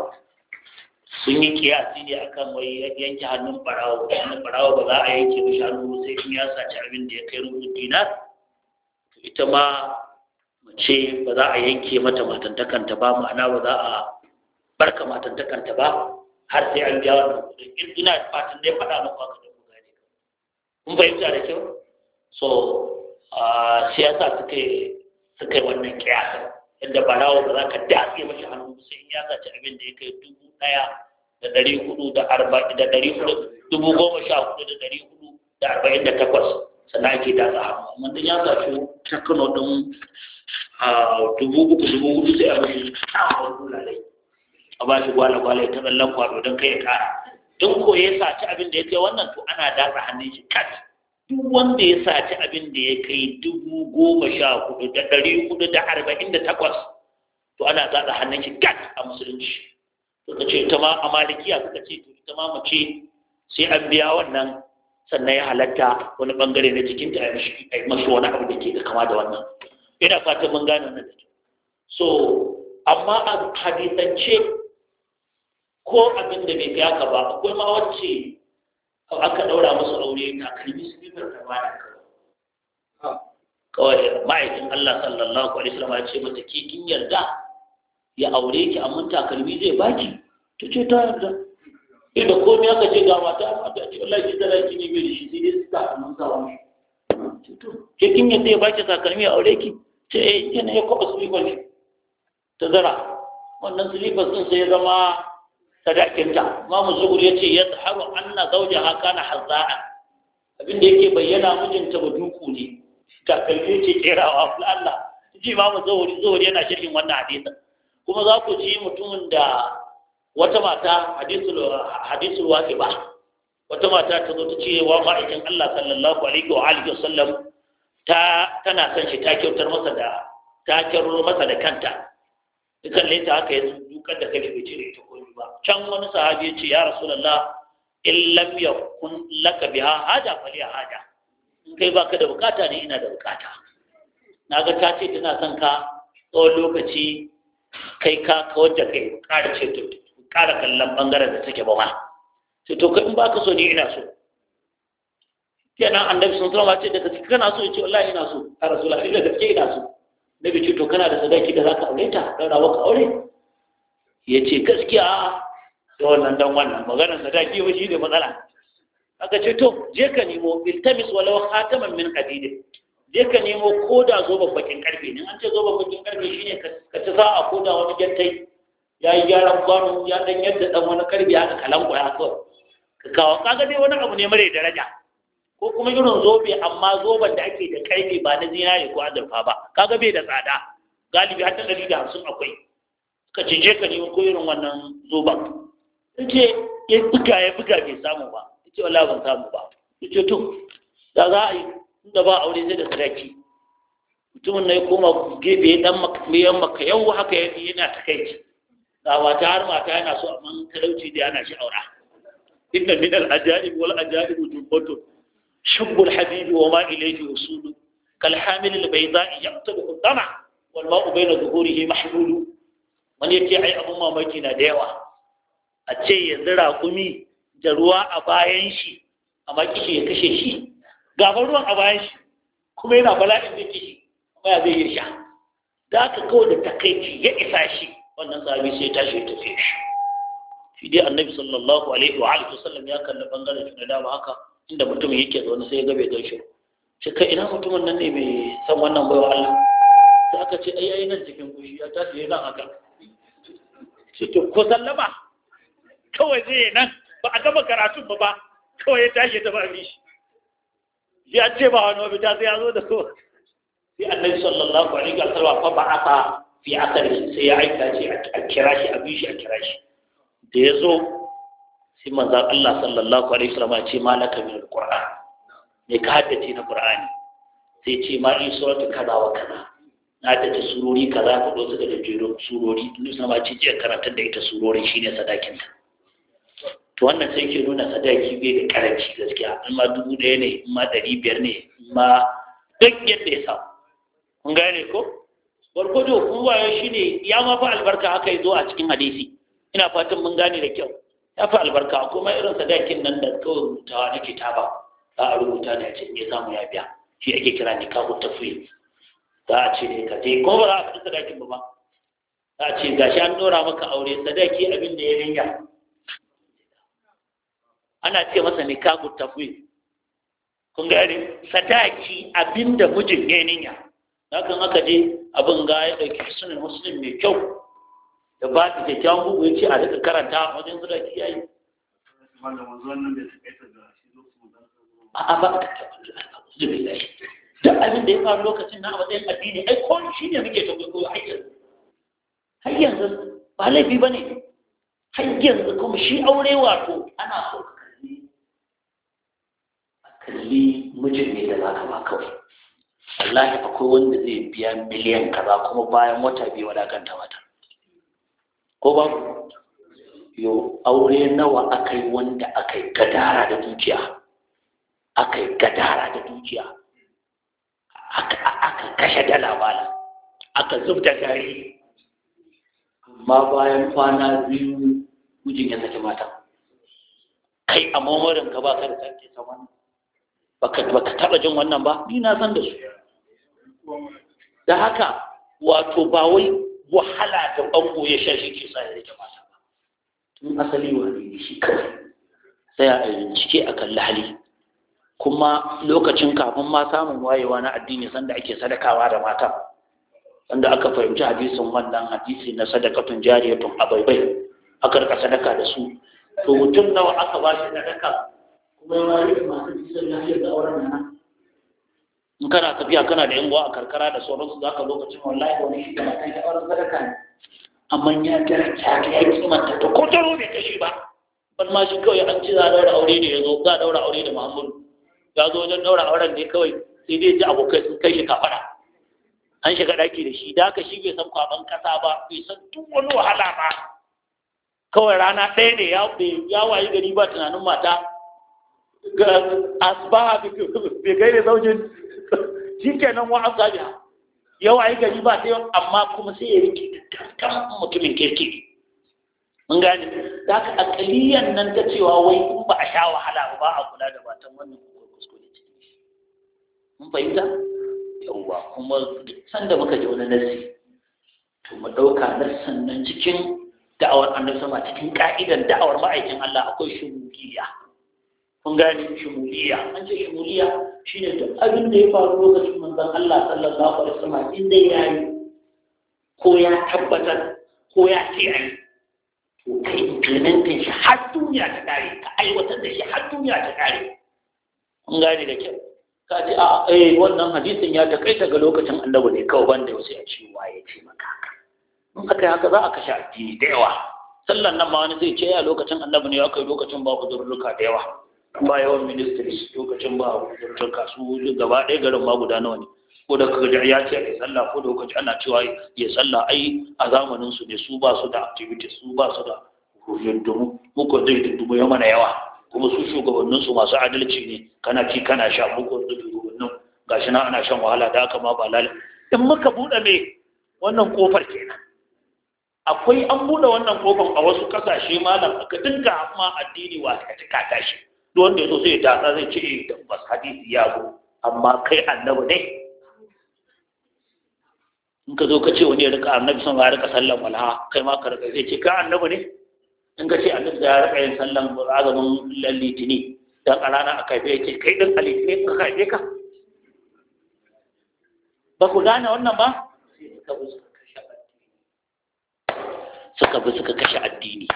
sun yi kiyasi ne akan wai yanke hannun barawo hannun barawo ba za a yanke ba shanu sai in ya saci abin da ya kai rubutun dina ita ma mace ba za a yanke mata matantakanta ba ma'ana ba za a barka matantakanta ba har sai an biya wannan kudin ina fatan dai faɗa maka ka da kuma ne kun fahimta da kyau so a siyasa suka suka wannan kiyasa inda barawo ba za ka dace mashi hannu sai in ya saci abin da ya kai dubu ɗaya da ɗari hudu da arba'in da ɗari hudu dubu goma sha hudu da ɗari hudu da arba'in da takwas sannan ake da za a hau amma don ya zafi ta kano ɗin dubu uku dubu hudu sai a a tsawon dolalai a ba shi gwale ta ya taɓa lankwa don kai ya ƙara don ko ya saci abin da ya kai wannan to ana datsa hannun shi kat duk wanda ya saci abin da ya kai dubu goma sha hudu da ɗari hudu da arba'in da takwas to ana datsa hannun shi kat a musulunci suka ce ita ma a malikiya suka ce to ita ma mace sai an biya wannan sannan ya halatta wani bangare na jikinta a yi masu wani abu da ke da kama da wannan ina fatan mun gane wannan so amma a hadisance ko abin da bai ka ba akwai ma wacce aka ɗaura musu aure takalmi su bi ta bada kawai ah. kawai ma'aikin Allah sallallahu alaihi wasallam ya ce mata ke kin yarda ya aure ki amma takalmi zai baki ta ce ta yarda inda komai aka ce ga wata amma ta ce Allah ki tsara ki ne mai da shi sai dai su a mun sa wani to ke kin yadda ya baki takalmi ya aure ki ce eh kina ya kwaba silifan ne ta zara wannan silifan sun sai ya zama sadakinta mamu zuhur ya ce ya tsaharu anna zawjaha kana hazza'an abinda yake bayyana mijinta ba duku ne takalmi ce kerawa Allah ji imamu zuhur zuhur yana shirin wannan hadisin kuma za ku ji mutumin da wata mata hadisul waƙi ba wata mata ta zo ta ce wa ma'aikin Allah sallallahu alaihi wa alihi wasallam ta tana son shi ta kyautar masa da ta kyautar masa da kanta ta haka ya dukkan da kai bai cire ta komai ba can wani sahabi ya ce ya rasulullah in lam yakun laka biha haja fali haja in kai baka da bukata ne ina da bukata naga ta ce tana son ka tsawon lokaci kai ka ka da kai ƙara ce to ƙara kallon ɓangaren da take ba ma sai to kai in ba ka so ni ina so kenan annabi sun sallama ce da gaske kana so ya ce wallahi ina so a rasulullahi da gaske ina so nabi ce to kana da sadaki da za ka aure ta dan rawa ka aure ya ce gaskiya da wannan dan wannan maganar sadaki ba shi ne matsala aka ce to je ka nemo iltamis walau khataman min qadid je ka nemo ko da zoban bakin karfe ne an ce zoban bakin karfe shine ka ci ko koda wani jantai ya yi gyaran kwano ya dan yadda dan wani karfe aka kalan kwaya kawai ka kawo kaga dai wani abu ne mare daraja ko kuma irin zobe amma zoben da ake da karfe ba na zinare ko azurfa ba kaga bai da tsada galibi har ta ɗari da hamsin akwai ka cije ka nemo ko irin wannan zoben ce ya buga ya buga bai samu ba ya ce wala ban samu ba ya ce to da za a yi da ba aure sai da sadaki mutumin na ya koma gefe dan makayan maka yau haka yana ta takaici da mata har mata yana so amma talauci da yana shi aura inna min al-ajaib wal ajaib jubbatu shubbu al-habibi wa ma ilayhi usulu kal hamil al bayda yaqtabu dama wal ma'u bayna dhuhurihi mahdud man yace ai abun mamaki na da yawa a ce ya zira kumi da ruwa a bayan shi amma kishi ya kashe shi gaban ruwan a bayan shi kuma yana bala'in da ke ba zai yi sha da aka kawo da takaici ya isa shi wannan sahabi sai tashi ya tafi shi shi dai annabi sallallahu alaihi wa alihi wasallam ya kalli bangaren shi na dama haka inda mutumin yake zaune sai ya ga bai gaishe shi kai ina mutumin nan ne mai san wannan baiwa Allah sai aka ce ai ai nan cikin kushi ya tashi ya nan haka shi to ko sallama kawai zai nan ba a gama karatun ba ba kawai ya tashi ya tafi shi ya ce ba wani ta sai ya zo da kowa sai annabi sallallahu alaihi wa sallam fa ba'atha fi asari sai ya aika shi a kira shi a bi shi a kira shi da ya zo sai manzon Allah sallallahu alaihi wa sallam ya ce malaka min alquran me ka haddace na qur'ani sai ce ma in suratu kaza wa kaza na haddace surori kaza ka zo suka da jero surori duk sama ce je karantar da ita surorin shine sadakin ta to wannan sai ke nuna sadaki bai da karanci gaskiya in ma dubu ɗaya ne in ma ɗari biyar ne in ma duk yadda ya samu kun gane ko barkwado kun wayo shi ne ya ma fi albarka haka ya zo a cikin hadisi ina fatan mun gane da kyau ya fi albarka kuma irin sadakin nan da kawai rubutawa na kitaba za a rubuta ne a ce me samu ya biya shi ake kira ne kawo tafiye za a ce ne ka je ko ba za a faɗi sadakin ba ba za a ce gashi an ɗora maka aure sadaki abin da ya rinya ana ce masa nikahu tafwid kun gane sadaki abinda mijin ya ninya hakan aka je abin ga ya dauki sunan muslim mai kyau da ba ta kyakkyawan bugu ya ce a daga karanta wajen sadaki yayi a'a ba da abin da ya faru lokacin na a matsayin addini ai ko shi ne muke ta kwaikwayo har har yanzu ba laifi ba ne har yanzu kuma shi aure wato ana so kalli mijin ne da za ka ba kawai wallahi akwai wanda zai biya miliyan kaza kuma bayan wata biyu wadakanta mata ko ba yo aure nawa aka yi wanda akai gadara da dukiya akai gadara da dukiya aka kashe da labala aka zub da gari amma bayan kwana biyu mijin ya saki mata kai a mamarin ka ba ka da sarki saman baka taɓa jin wannan ba ni na san da su da haka wato ba wai wahala da bango ya sha shi ke sa ya rike mata ba tun asali wa ne shi kawai sai a bincike a kalli hali kuma lokacin kafin ma samun wayewa na addini sanda ake sadakawa da mata sanda aka fahimci hadisin wannan hadisi na sadakatun jariyatun abaibai aka rika sadaka da su to mutum nawa aka ba shi sadaka kuma ya rayu da masu cikin lafiyar auren nana in kana tafiya kana da yanguwa a karkara da sauransu za ka lokacin wallahi wani shi da matan ya auren sadaka ne amma ya kira ta ya kimanta ta ko taro bai kashe ba ban ma shi kawai an ci za a daura aure da ya zo za a daura aure da muhammadu ya zo wajen daura auren ne kawai sai dai ji abokai sun kai shi kafara an shiga ɗaki da shi da haka shi bai san kwaban ƙasa ba bai san duk wani wahala ba kawai rana ɗaya ne ya wayi gari ba tunanin mata Ga asbaha bai kai da zaujin shi kenan wa asabiha yau ai gari ba ta yau amma kuma sai ya rike kan mutumin kirki mun gane da haka akaliyan nan ta cewa wai in ba a sha wahala ba a kula da batan wannan kuskure cikin shi mun fahimta yauwa kuma sanda muka ji wani nasi to mu ɗauka nassan nan cikin da'awar annabi sama cikin ka'idan da'awar ma'aikin Allah akwai shugiya mun gane shimuliya an ce shimuliya shine duk abin da ya faru lokacin manzon Allah sallallahu alaihi wasallam in dai yayi ko ya tabbatar ko ya ce ai to kai implementin shi har duniya ta kare ka aiwatar da shi har duniya ta kare mun gane da kyau ka ce a ah, eh wannan hadisin ya takaita ga lokacin annabi ne kawai banda wasu ya ce wa ya ce maka haka in aka yi haka za a kashe addini da yawa sallan nan ma wani zai ce a lokacin annabi ne ya kai lokacin ba ku da yawa ba yawan ministries lokacin ba don kasu gaba ɗaya garin ma guda nawa ne ko da kaga ya ce ya sallah ko da kaji ana cewa ya sallah ai a zamanin su ne su ba su da activities su ba su da hujjundumu muku zai dumu ya mana yawa kuma su shugabannin su masu adalci ne kana ci kana sha muku da shugabannin gashi na ana shan wahala da aka ma ba lalai in muka buɗe me wannan kofar kenan akwai an buɗe wannan kofar a wasu ƙasashe malam aka dinga amma addini wa ta ta ka tashi duk wanda ya so sai ya tasa zai ce eh tabbas hadisi ya zo amma kai annabi ne in ka zo ka ce wani ya rika annabi sun ya rika sallan wala kai ma ka rika zai ce ka annabi ne in ka ce annabi ya rika yin sallan azumin lallitini dan a rana aka haife ce kai din ne ka haife ka ba ku gane wannan ba suka bi suka kashe addini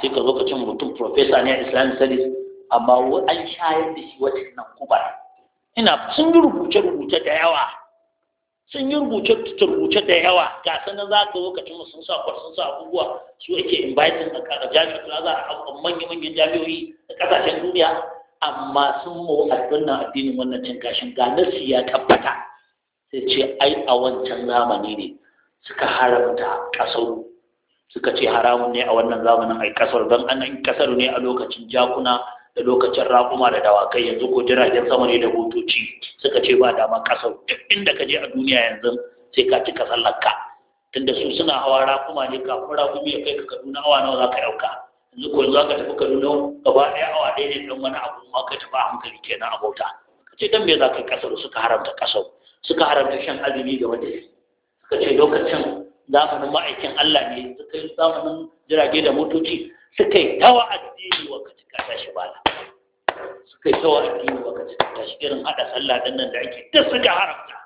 sai ka zo ka ce mutum profesa ne a islamic studies amma an shayar da shi nan kubar ina sun yi rubuce-rubuce da yawa sun yi rubuce-rubuce da yawa ga sanar za ka lokacin sun sa kwar sun sa abubuwa su ake inviting a kara jami'a za a manya-manyan jami'o'i da kasashen duniya amma sun mu addinin addinin wannan cin gashin ga nasi ya tabbata sai ce ai a wancan zamani ne suka haramta kasar suka ce haramun ne a wannan zamanin ai kasar don an kasar ne a lokacin jakuna da lokacin raƙuma da dawakai yanzu ko jiragen sama ne da motoci suka ce ba dama ƙasar duk inda ka je a duniya yanzu sai ka cika sallarka tunda su suna hawa raƙuma ne kafin raƙumi ya kai ka kaduna awa nawa za ka ɗauka yanzu ko yanzu ka tafi kaduna gaba ɗaya awa ɗaya ne don wani abu ma ka tafi hankali kenan a bauta ka ce dan me za ka yi ƙasar suka haramta ƙasar suka haramta shan azumi ga wanda suka ce lokacin zamanin ma'aikin Allah ne suka yi zamanin jirage da motoci suka yi tawa addini wa ka cika tashi bala kai tawa addini ba ka ta shi irin haɗa sallah ɗin nan da ake ta suka haramta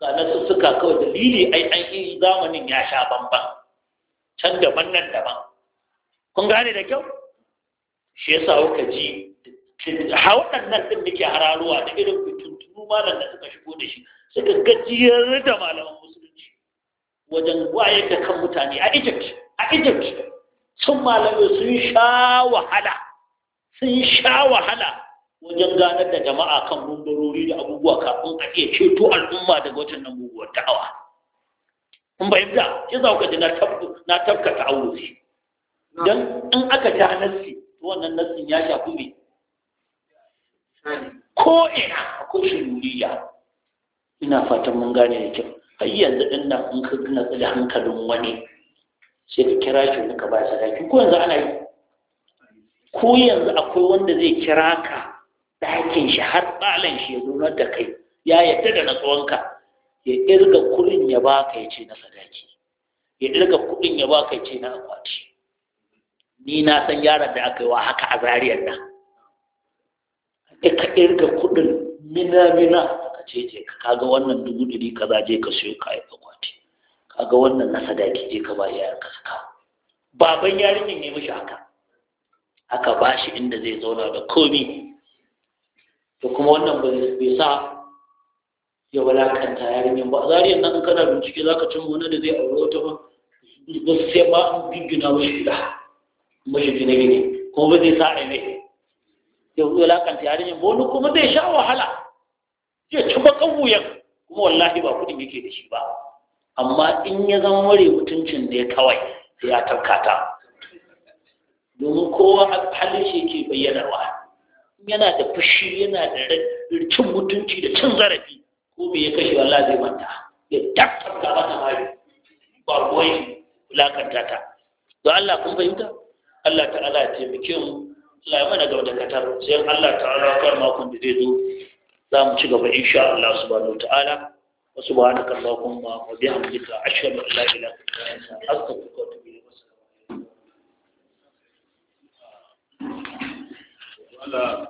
ga na suka kawai dalili ai an yi zamanin ya sha bamban can daban nan daban kun gane da kyau shi yasa kuka ji ha waɗannan ɗin da ke hararuwa da irin fitintunu malam da suka shigo da shi suka gajiyar da malaman musulunci wajen wayar da kan mutane a egypt a egypt sun malamai sun sha wahala sun sha wahala wajen ganar da jama'a kan mumbarori da abubuwa kafin a iya ceto al'umma daga wacce nan ta'awa. da'awa kun fahimta shi za ka ji na tafka ta'awuzi don in aka ja nassi wannan nassin ya shafi me ko ina akwai shiruriya ina fatan mun gane da kyau har yanzu din nan in ka gina da hankalin wani sai ka kira shi ka ba sadaki ko yanzu ana yi ko yanzu akwai wanda zai kira ka ɗakin shi har ɓalan shi ya nunar da kai ya yadda da natsuwanka ya irga kuɗin ya baka ya ce na sadaki ya irga kuɗin ya baka ya ce na akwati ni na san yaron da aka yi wa haka a zariyar nan ka irga kuɗin mina-mina ka ce ce ka ga wannan dubu ɗari kaza je ka siyo kayan akwati ka ga wannan na sadaki je ka ba yaran ka saka baban yarinyar ne mishi haka aka ba shi inda zai zauna da komi to kuma wannan bai sa ya walakanta yarinyan ba A zariyan nan kana bincike za ka cin wani da zai aure wata ba ba sai ba an giggina mashi gida mashi gina gini kuma ba zai sa a mai ya walakanta yarinyan ba wani kuma zai sha wahala ya ci bakan wuyan kuma wallahi ba kudin yake da shi ba amma in ya zama ware mutuncin ne kawai ya tarkata domin kowa halin shi ke bayyanarwa yana da fushi yana da rikin mutunci da cin zarafi ko me ya kashe Allah zai manta ya tabbata mata mai ba goyi wulakanta ta to Allah kun fahimta Allah ta'ala ya taimake mu Allah ya mana gaba da katar sai Allah ta'ala kar makon da zai zo za mu ci gaba insha Allah subhanahu wa ta'ala wa subhanaka allahumma wa bihamdika ashhadu an la ilaha illa anta astaghfiruka wa atubu Allah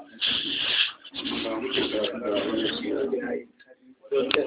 ba muke da wani